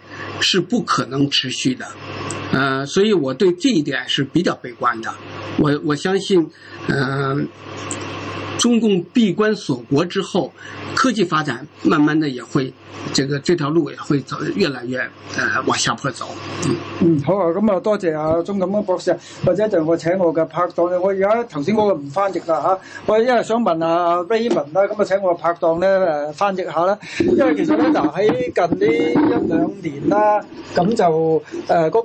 是不可能持續的，呃，所以我對這一點是比較悲觀的。我我相信，嗯、呃。中共閉關鎖國之後，科技發展慢慢的也會，這個這條路也會走越來越，往、呃、下坡走。嗯，嗯好啊，咁、嗯、啊多謝啊鍾錦光博士，或者就我請我嘅拍檔咧，我而家頭先嗰個唔翻譯啦吓、啊，我因為想問下、啊、Raymond 啦、啊，咁啊請我嘅拍檔咧誒、啊、翻譯下啦，因為其實咧嗱喺近呢一兩年啦、啊，咁就誒嗰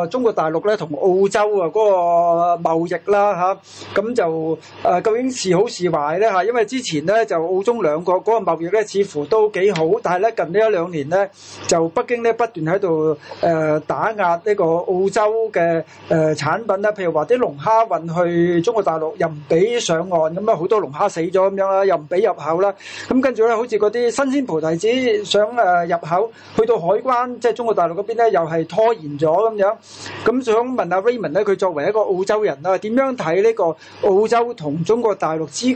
個中國大陸咧同澳洲啊嗰、嗰個貿易啦、啊、吓，咁、啊、就誒究竟是好是壞？快咧嚇，因為之前咧就澳中兩國嗰個貿易咧似乎都幾好，但係咧近呢一兩年咧就北京咧不斷喺度誒打壓呢個澳洲嘅誒產品啦，譬如話啲龍蝦運去中國大陸又唔俾上岸，咁啊好多龍蝦死咗咁樣啦，又唔俾入口啦，咁跟住咧好似嗰啲新鮮菩提子想誒入口，去到海關即係、就是、中國大陸嗰邊咧又係拖延咗咁樣，咁想問下 Raymond 咧，佢作為一個澳洲人啦，點樣睇呢個澳洲同中國大陸之間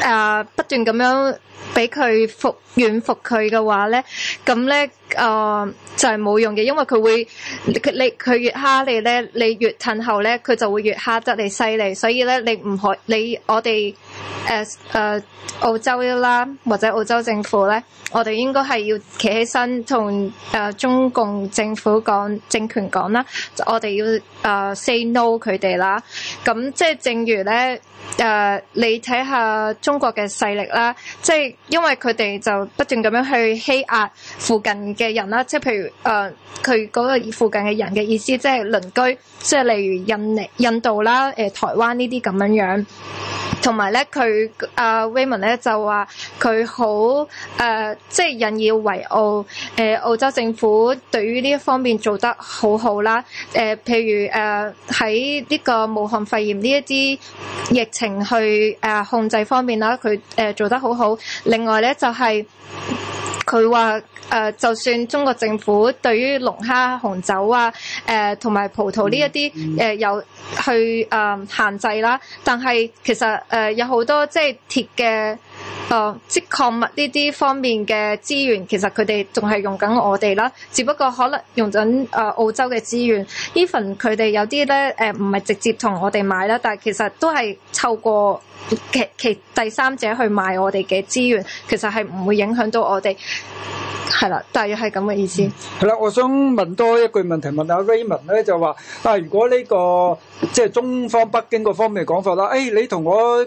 誒、uh，不斷咁樣俾佢服軟服佢嘅話咧，咁咧誒就係冇用嘅，因為佢會佢，你佢越蝦你咧，你越褪後咧，佢就會越蝦得你犀利，所以咧你唔可你我哋。誒誒、uh, 澳洲啦，或者澳洲政府咧，我哋應該係要企起身同、uh, 中共政府講政權講啦，就我哋要誒、uh, say no 佢哋啦。咁即係正如咧誒，uh, 你睇下中國嘅勢力啦，即係因為佢哋就不斷咁樣去欺壓附近嘅人啦，即係譬如誒佢嗰個附近嘅人嘅意思，即係鄰居，即係例如印尼、印度啦、呃、台灣呢啲咁樣樣，同埋咧。佢阿、啊、Raymond 咧就話佢好誒、即、呃、係、就是、引以為傲誒、呃、澳洲政府對於呢一方面做得好好啦。誒、呃、譬如誒喺呢個武漢肺炎呢一啲疫情去誒、呃、控制方面啦，佢誒、呃、做得好好。另外咧就係、是。佢話，誒、呃，就算中國政府對於龍蝦、紅酒啊、誒、呃，同埋葡萄呢一啲誒、嗯嗯呃，有去誒、呃、限制啦，但係其實誒、呃，有好多即係、就是、鐵嘅。誒、uh,，即礦物呢啲方面嘅資源，其實佢哋仲係用緊我哋啦，只不過可能用緊誒、呃、澳洲嘅資源。even 佢哋有啲咧，誒唔係直接同我哋買啦，但係其實都係透過其其第三者去買我哋嘅資源，其實係唔會影響到我哋，係啦，大約係咁嘅意思。係、嗯、啦，我想問多一句問題，問下 Raymond 咧，就話，但、啊、如果呢、這個即係、就是、中方北京嗰方面嘅講法啦，誒、哎，你同我？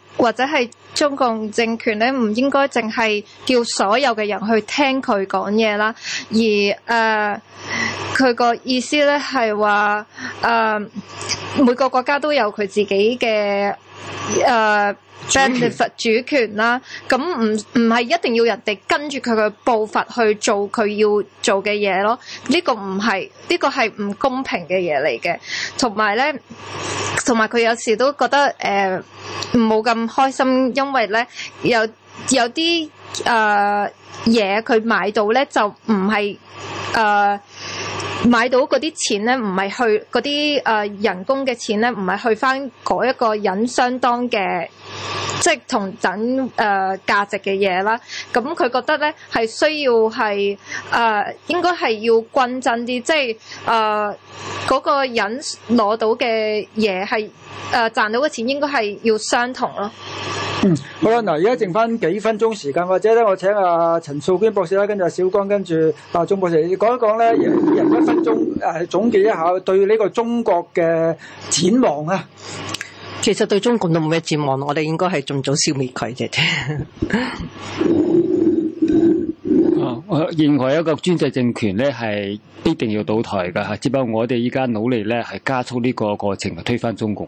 或者係中共政權咧，唔應該淨係叫所有嘅人去聽佢講嘢啦，而誒佢個意思咧係話誒每個國家都有佢自己嘅誒。呃 b e n e f 主權啦，咁唔唔係一定要人哋跟住佢嘅步伐去做佢要做嘅嘢咯，呢、這個唔係呢個係唔公平嘅嘢嚟嘅，同埋咧，同埋佢有時候都覺得誒冇咁開心，因為咧有有啲誒嘢佢買到咧就唔係誒。呃買到嗰啲錢咧，唔係去嗰啲誒人工嘅錢咧，唔係去翻嗰一個人相當嘅，即係同等誒價值嘅嘢啦。咁佢覺得咧係需要係誒、呃、應該係要均真啲，即係誒嗰個人攞到嘅嘢係誒賺到嘅錢應該係要相同咯。嗯、好啦，嗱，而家剩翻幾分鐘時間，或者咧，我請阿陳素娟博士啦，跟住阿小江、跟住阿鐘博士，你講一講咧，一人一分鐘，誒，總結一下對呢個中國嘅展望啊。其實對中共都冇咩展望，我哋應該係盡早消滅佢啫。哦 、啊，我認為一個專制政權咧係必定要倒台噶吓，只不過我哋依家努力咧係加速呢個過程，推翻中共。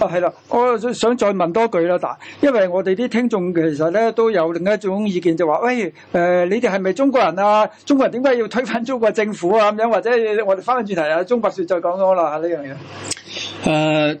啊，係啦，我想再問多句啦，但因為我哋啲聽眾其實咧都有另一種意見，就話，喂，誒、呃，你哋係咪中國人啊？中國人點解要推翻中國政府啊？咁樣或者我哋翻翻轉頭啊，鍾博士再講多啦呢樣嘢。誒、啊。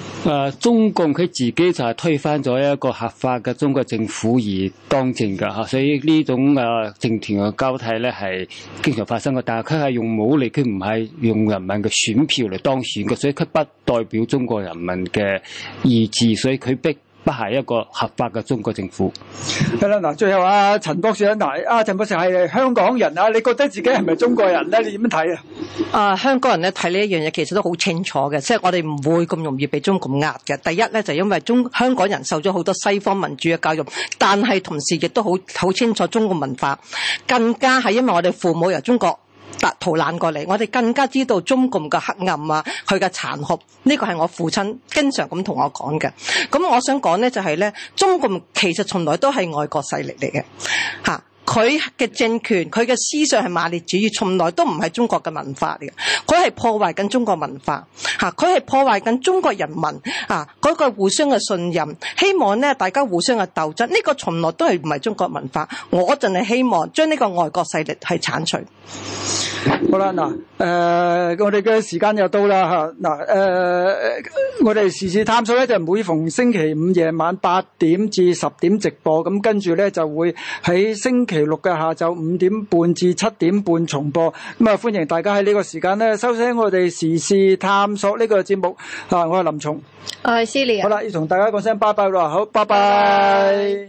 誒、啊、中共佢自己就係推翻咗一個合法嘅中國政府而當政嘅吓，所以呢種、啊、政權嘅交替咧，係經常發生嘅，但係佢係用武力，佢唔係用人民嘅選票嚟當選嘅，所以佢不代表中國人民嘅意志，所以佢逼。不係一個合法嘅中國政府。係啦，嗱，最後啊，陳博士啊，嗱，阿陳博士係香港人啊，你覺得自己係咪中國人咧、啊？你點樣睇啊？啊，香港人咧睇呢一樣嘢，其實都好清楚嘅，即係我哋唔會咁容易被中國壓嘅。第一咧，就係、因為中香港人受咗好多西方民主嘅教育，但係同時亦都好好清楚中國文化，更加係因為我哋父母由中國，逃難過嚟，我哋更加知道中共嘅黑暗啊，佢嘅殘酷。呢、這個係我父親經常咁同我講嘅。咁我想講咧，就係、是、咧，中共其實從來都係外國勢力嚟嘅，嚇、啊。佢嘅政權，佢嘅思想係馬列主義，從來都唔係中國嘅文化嚟嘅。佢係破壞緊中國文化，吓，佢係破壞緊中國人民，啊，個互相嘅信任。希望咧大家互相嘅鬥爭呢、呢個從來都係唔係中國文化。我淨係希望將呢個外國勢力係鏟除。好啦，嗱、呃，誒我哋嘅時間又到啦，吓、呃、嗱，誒我哋時事探索咧就係每逢星期五夜晚八點至十點直播，咁跟住咧就會喺星期。六嘅下晝五點半至七點半重播，咁，啊歡迎大家喺呢個時間呢收聽我哋時事探索呢個節目。啊，我係林松，我係 Silia。好啦，要同大家講聲拜拜啦，好，拜拜。